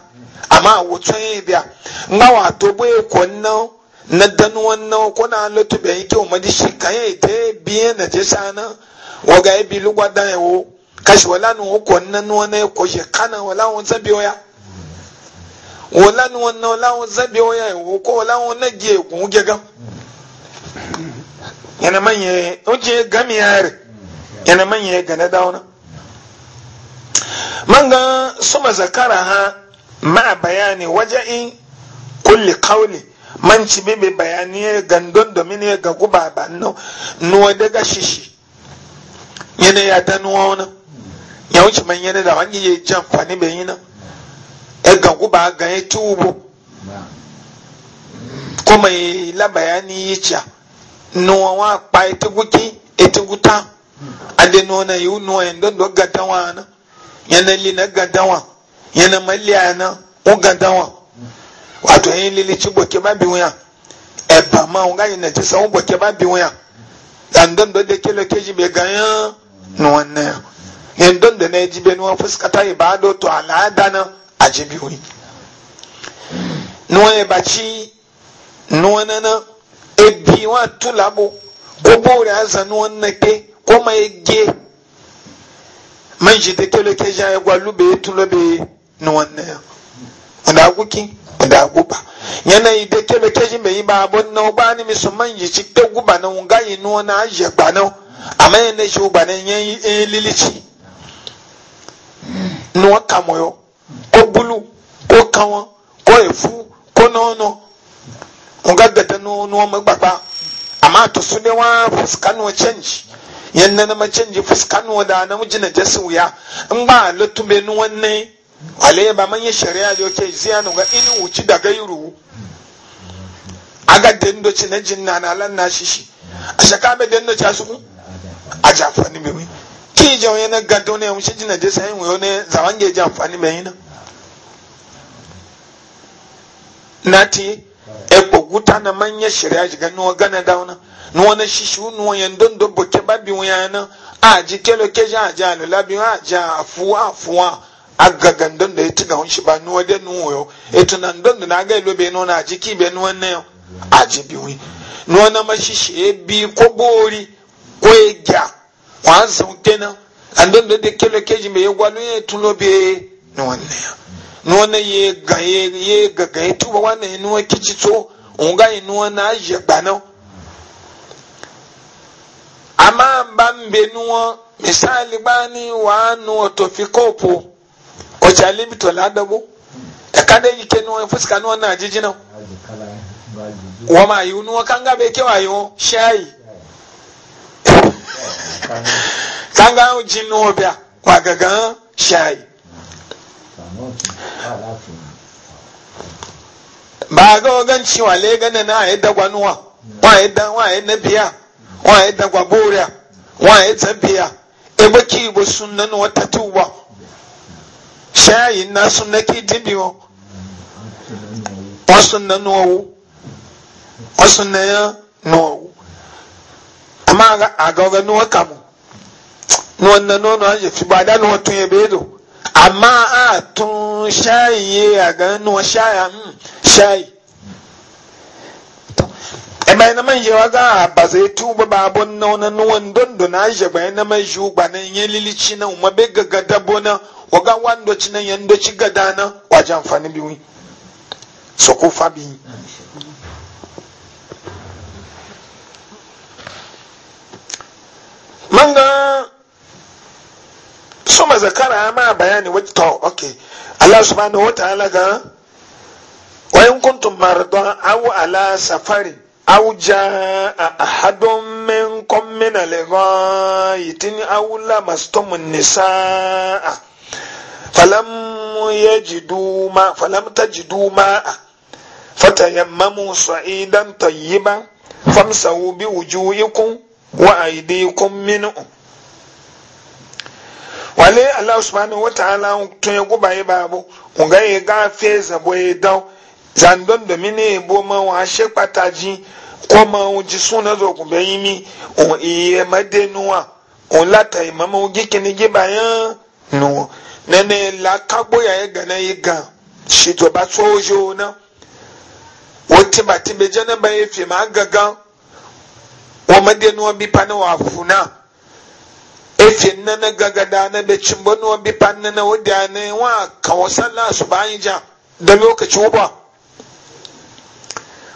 amma wutun yi biya nga wa to boye kwanna na dan wannan kuna na bai be yake o madi shi kan yi ta biye na je sana wa ga bi lugwa dan ya wo kashi wala nu wo kwanna nu na ko je kana wala on zabi oya wala nu wannan wala on zabi oya ya wo ko wala on na je kun wuge ga yana manye o je gamiyar yana manye ga na dauna manga suma zakara ha ma bayani waje'in kulli kauli ci bebe bayani gandon domin ya e ga guba ba nuwa daga shishi yana ya ta nuwa wani ya wuce man yana da wani ya ji amfani bai yi nan ya ga guba ga ya tubu kuma ya la bayani ya ci nuwa wa kpa ita guki ita guta da nuwa na yi nuwa ya don gadawa na yana li na gadawa yana maliya na ugan dawa wato yi lilici boke ba bi wuya eba ma yi na ci san boke ba bi wuya dan don da kilo keji be ganyan no wannan yin don da na ji be nuwa fuskata yi ba ibado to al'ada na ajibi wuri nuwa ya baci nuwa na na ebi wa tulabo ko bori a nuwa na ke ko ma ya ge man ji da kilo keji a ya gwalu be tulo be na wannan da aguki da aguba yanayi da kebe keji mai yi ba abun na ba ni musamman yi ci ta guba na wunga yi nuwa na ajiye ba na amma yi na shi guba na yi yi lilici nuwa kamoyo ko bulu ko kawon ko efu ko nono wunga gata nuwa gbagba amma to su ne wa fuska nuwa canji yanda na macanji fuska nuwa da namiji na jasa wuya in ba a lutumbe nuwan ne ale ba manye shari'a da yake ziya no ga inu wuci da gairu aga dendo ci na jinna na lan na shishi. a shaka be dendo ci asu a jafani be mi ki je wani na to ne mu shi jinna je sai mu ne zawange jafani be ina nati e koguta na manye shari'a ji ga no gana dauna no wani shi nuwa no yan boke babi wani a ji kelo ke ja ja no labi ja afuwa afuwa agaga ndondo eti ga hunshi ba nuwa de nuwa yo etu na ndondo na aga ilobe ino na ajiki be nuwa na yo ajibi wi nuwa na mashishi ebi ko bori ko egya kwanza utena ndondo de kelo keji me yegwa lu etu lobe nuwa na yo nuwa na ye ga ye ga ga etu ba wana nuwa e kichi to unga nuwa na aje bana ama mbambe nuwa misali bani wa anu otofi ọ̀chà límítọ̀ ládọ́gbó ẹ̀ka dé yìí kéwọn ẹ̀ fúsìkà ní wọn náà jíjí náà wọ́n máa yìí ní wọn kánga bẹ́ẹ̀ kéwàá Kanga wọn ṣáàyì kánga jí ní wọn bíà wà gàgán ṣáàyì. ba ga wagan cewa le gana na ya e dagwa nuwa wa ya nabiya wa ya e dagwa boriya wa ya tabiya e baki e bo sunnan wata tuba shayin na sunna ki dibi o wa sunna nuwu wa sunna ya nuwu amma ga aga ga nuwa kamu nuwan na nono fi ba da nuwa tun ya amma a tun shayi ya ga nuwa shaya shayi hmm, ebe eh, na man yewa za a ba zai tuba ba abun na wani nuwan dondo na je ba na man ju ba na yin lilici na umma bai ga gada bona ga wando ci na yando ci gada na waje amfani wi so ko bi. manga so ma zakara ma bayani wacce to okay Allah subhanahu wa ta'ala ga wa in kuntum mardan aw ala safarin aw jaa ahadun minkum min al-ghaitin aw lamastum an-nisaa falam yajidu ma falam tajidu ma fatayammamu sa'idan tayyiban famsahu biwujuhikum wa aydikum minhu wale allah subhanahu wa ta'ala tun ya gubaye babu kun ga ya gafe zabo ya dau da mini bo ma wa she pataji ko ma o ji suna zo ku bayin mi un iye madenuwa un lata imama un gi kini gi bayan nu nene la kagbo ya ye gana yi gan shi to ba so ojo na ti ba ti beje na bayan fi ma gangan wa madenuwa bi pa na wa funa e fi na na da na chimbo banuwa bi pa na na da ne wa kawo sallah su bayan ja da lokaci uba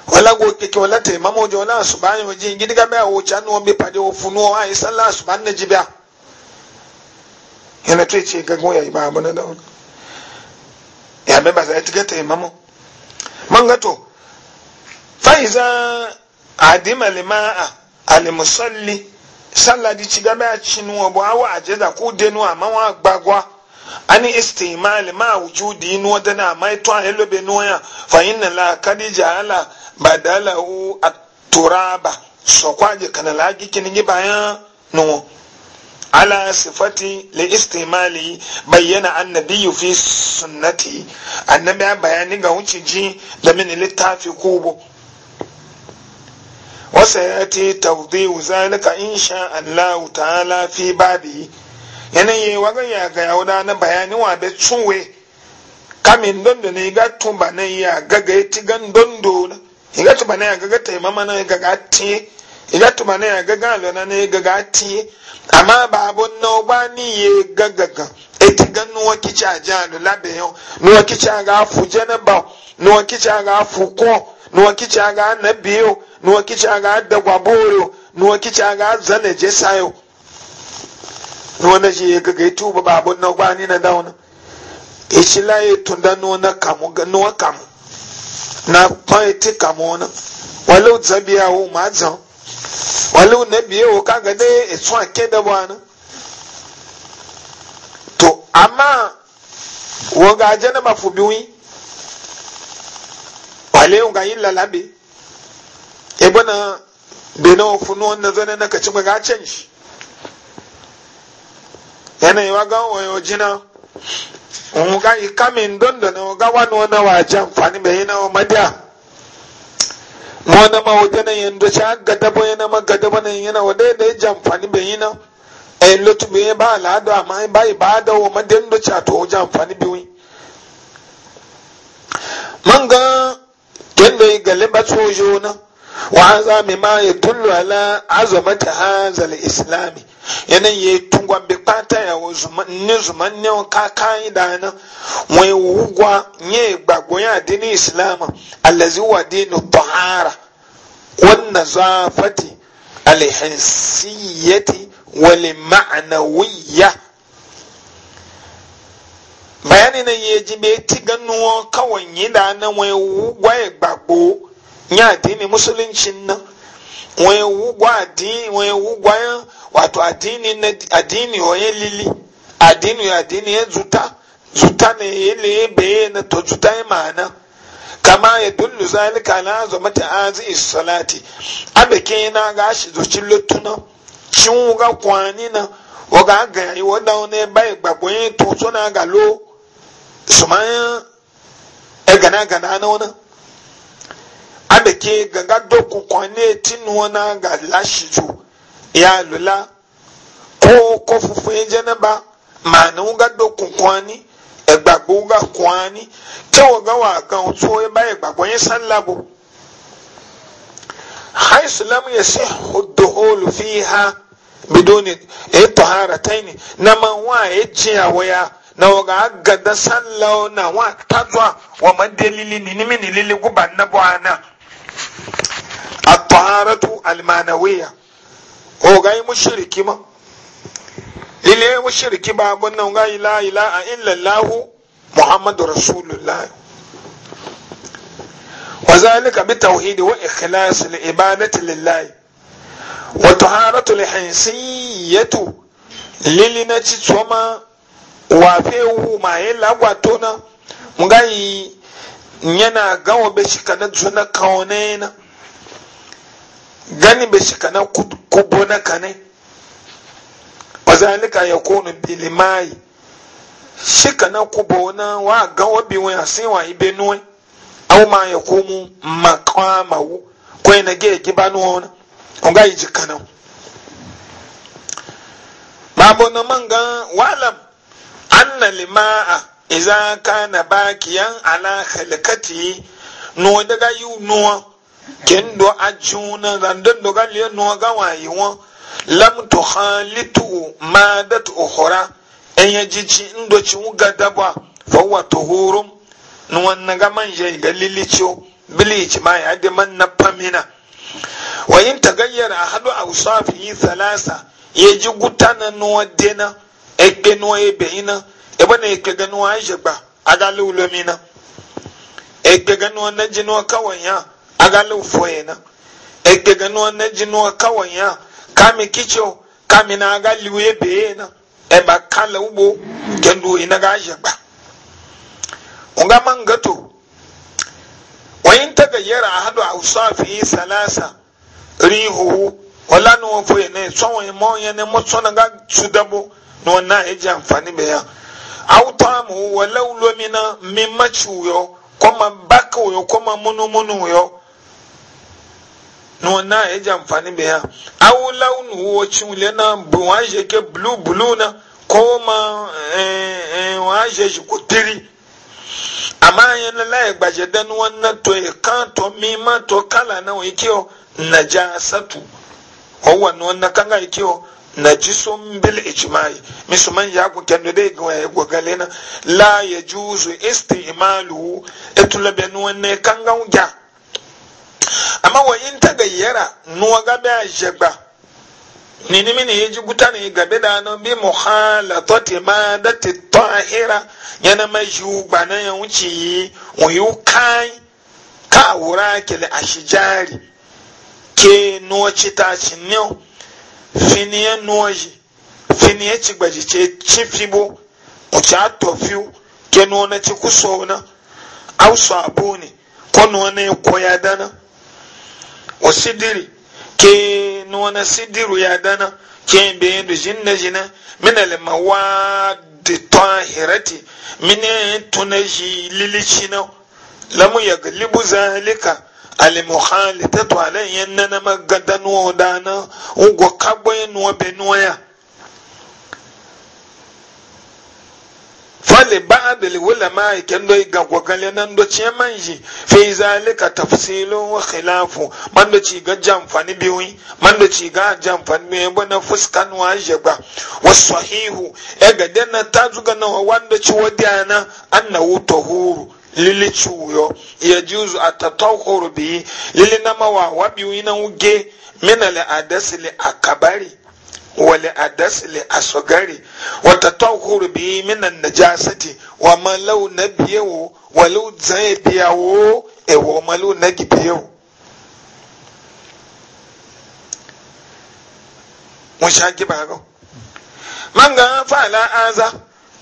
wala go keke wala te mamo jo la subhan yo ji gidi ga be o chanu o be pade o funu o ai sallah subhan ne ji ba yana ce ga go yayi ba bana da ya be ba sai tike te mamo manga to fa iza adima limaa al musalli sallah di ci ga be chinu o bo awa ajeda ku denu ama wa gbagwa ani istimali ma wujudi ni wa dana ma ito a yalo be nuwaya fa inna la kadi jahala ba dala hu a turaba so kwa je kana la giki ni gibaya nuwa ala sifati li istimali bayyana annabiyu fi sunnati annabi ya bayani ga wuce ji da min littafi kubo wasa ya ti tawdi wuzalika insha Allah ta'ala fi babi yanayi waga ya ga yauda na bayanin wa da tsuwe kamin dondo ne ga tumba na ya gaga ya ti gan dondo na iga tumba na ya gaga taimama na ya gaga tiye iga tumba na ya gaga alona na ya gaga tiye amma ba abun na ba ni ya gagaga eti gan nuwa kici a jan alona bayan nuwa kici a ga afu janaba nuwa kici a ga afu ko nuwa kici a ga na biyo nuwa kici a ga dagwaboro nuwa kici a ga zane sayo nuna shi ya gaga itu ba babun na gwani na dauna ya e shi laye tunda nuna kamu nuwa kamu na ti kamu wani walau zabiya wu ma zan walau na biye wu kaga dai ya tsuwa ke da wani to amma wanga ajana mafu biyu wale wanga yin lalabe ebana benin ofunu wannan zanen na kacin ga canji yanayi wa gan wayo jina wọn ga ikamin dondo na wọn ga wani wọn wa ji amfani bai yi na wọn madiya wọn ma wata na yin doce a gadaba yana ma gadaba na yana wa daidai ji amfani bai yi na e a yi lotu bai ba al'adu amma ba yi ba da wa madiya doce a to ji amfani bai man ga kendo yi gale ba tsojo na wa azami ma ya tullu ala azamata hazal islami yana ye tungwa be kpata ya wo zuma ne zuma ne o ka kan da na we wugwa nye gbagbo ya ni islam alazi wa ni tahara wan nazafati alhinsiyati wal ma'nawiyya bayani na ye jibe ti ganu kawai yi da na we wugwa ya gbagbo ya dini musuluncin nan wọn ewu gwa adini wọn ewu ya wato adini ne adini oye lili adini ya adini ya zuta zuta ne yele ya beye na to zuta ya ma'ana kama ya dullu zalika ala azamati azi salati abeke na gashi zuci lutuna cin ga kwani na waga ga yi wada wani bai gbagbo yin to suna ga lo sumaya e gana gana na wani abeke ganga doku kwane tinuwa na ga lashi jo ya lula ko ko fufu eje na ba ma na nga doku kwani egbagbo nga kwani te wo ga wa ga otu e ba egbagbo yin sallabo haisu lam yasihu duhulu fiha bidoni e taharataini na man wa e jiyawa ya na waga agada sallau na wa tazwa wa madalili ni ni lili guba na at almanawiyya al-manawiyya o ma ile mushriki ba bun nan ga ila ilaha "Lallahu muhammadu rasulullah wa zalika bi tauhidi wa ikhlas al-ibadati lillah wa taharatu al lili na ci tsoma wa fewu ma yi lagwato na mu yi yana gawo be na kana zuna na gani be shi kana kubo na kane wazalika ya kunu bilimai shi kana kubo na wa gawo bi wani asin ibe nuwe au ma ya kumu makwama wu kwe na ge giba nuwa wani onga iji kana babu na manga walam anna lima'a iza kana yan ala khalqati no daga yu no ken do ajuna randan do galle no ga wayi won lam tukhalitu madat ukhra en yajici ndo ci uga daba fa wa tuhurum no wanna ga man je galilicho bilici ma ya de man na pamina wa in tagayyara ahadu awsafi thalasa yaji gutana no dena ekpe ebe ina ebe na ekege nuwa aisha gba agala ulomi na ekege nuwa na ji nuwa kawai ya na ekege na ji nuwa kawai ya kami kicho kami na agali uye na eba kala ubo kendo ina ga aisha gba unga mangato wayin tagayyara ahadu awsafi salasa rihuhu wala nuwa na ne tsawon mo yana mo na ga tsudabo nuwa na eji amfani ya. aw taamu walaw lomina mimaciw yo kɔma bakaw yo kɔma munumunu yo nuwa na ye jamfani bɛ yan aw lawnu wo na wa zeke bulu bulu na ko ma eh, eh, wa zezi ko teri ama yɛ na la yɛ gbadzɛ dɛ nuwa na tɔ ye kan mima tɔ kala na o yi kiyɔ najasatu o wa nuwa na kan ka yi najisun bil ijma'i musulman ya ku kendo dai ga ya ku gale na la ya juzu istimalu etula be no ne kanga ja amma wa in ta gayyara no ga be jegba ni ni mini yaji guta ne ga da no bi muhalatati ma dati tahira yana mai na ya wuce wuyu kai ka wura ke da ashijari ke no cita shinyo finiye nuwaji ci gbaji ce ci fibo ku ci ato fiu ke nuna ci kuso na au sabo ne ko nuna ya koya dana wa sidiri ke nuna sidiru ya dana ke bayan da jinna jina min almawa da tahirati min tunaji lilicina lamu ya galibu zalika alimukhalita ale yen nana magada nuwo dana ugo kaboye nuwa be nuwo ya fali ba'dil ulama kendo ga gogale nan do ce manji fi zalika tafsilun wa khilafu man do ci ga jamfani biwi man do ci ga jamfani me bana fuskan wa jaba wasahihu e ga den na tazuga na wanda ci wadiana annahu tahuru lili chuyo yajuzu atatahuru bihi lili nama wa wabiu ina uge mina li adasi le akabari le adasi le asogari watatahuru bihi mina najasati wa malau na biyewo walau zaye biyawo ewo malau na gibiyewo mun sha gibago man ga fa'ala aza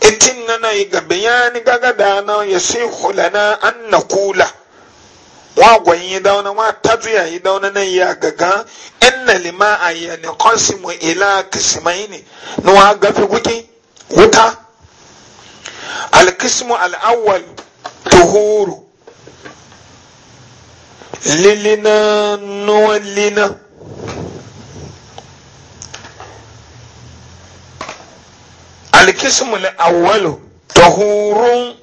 itin nana yi ga bayani gaga da na ya sai hulana an na kula wa gwan yi dauna wa tatu ya yi dauna nan ya gaga in na lima a yi ne mu ila kisimai ne na wa gafi guki wuta alkismu al'awwal tuhuru lilina nuwan lina alkismul awwalu tahurun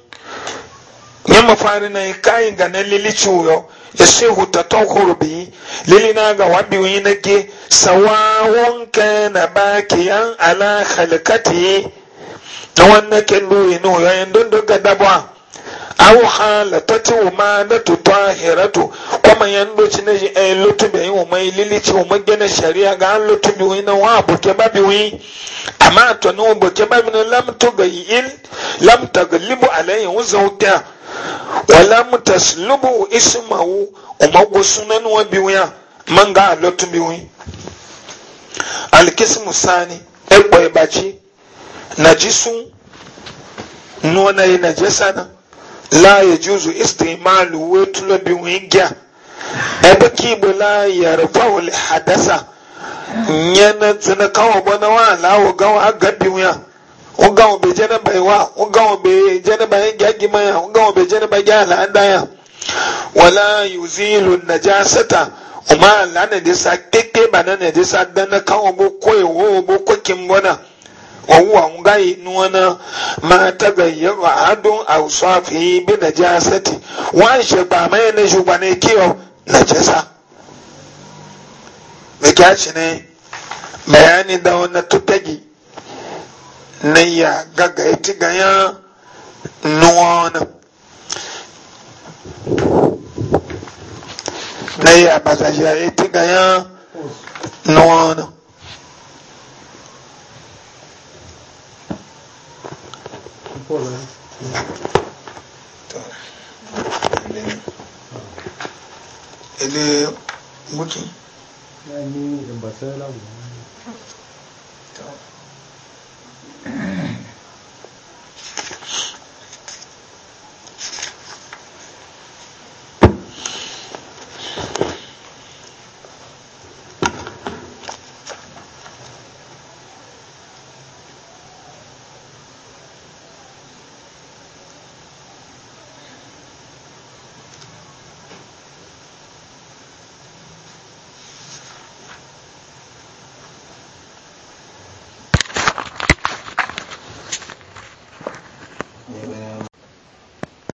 yamma fari na kayi ga na lili ciwo ya sai huta ta hurbi lili na ga wabi wani na ke sawawon ka na bakiyan ala halkati na wannan ke nuri no yayin don daga dabwa aw halatati uma na tutahiratu kuma eh, eh, yan doci yi ayin lutubi ayin uma lilici uma gina shari'a ga an lutubi wi na wa boke babi wi amma to ni wa boke babi na lam tugayil lam taglibu alayhi wa zawta wa lam taslubu ismahu uma gusunan wa a man ga lutubi wi alkismu sani ekpo ibaci najisun na yi na najasa na la ya juzu istimalu wetula bi wingiya ebe kibo la ya rufa hadasa nyana tsina kawo bana wa lawo gawo aga bi wiya o gawo be jana bai wa o gawo be jana bai gagi maya o gawo be jana bai gala andaya wala yuzilu najasata o la lana de sa keke bana ne de sa dana kawo bo koyo wo bo kokin bona وهو غاي نونا ما تغير عاد أوصافه بنجاسته وان شبا ما ينشب نكيو نجسا مكاشني bayani da wannan tutagi na ya gagaiti gaya nuwana na ya 꼴을. 또, 엘레, 엘레, 뭐지? 난 이름 벗어라고. 또,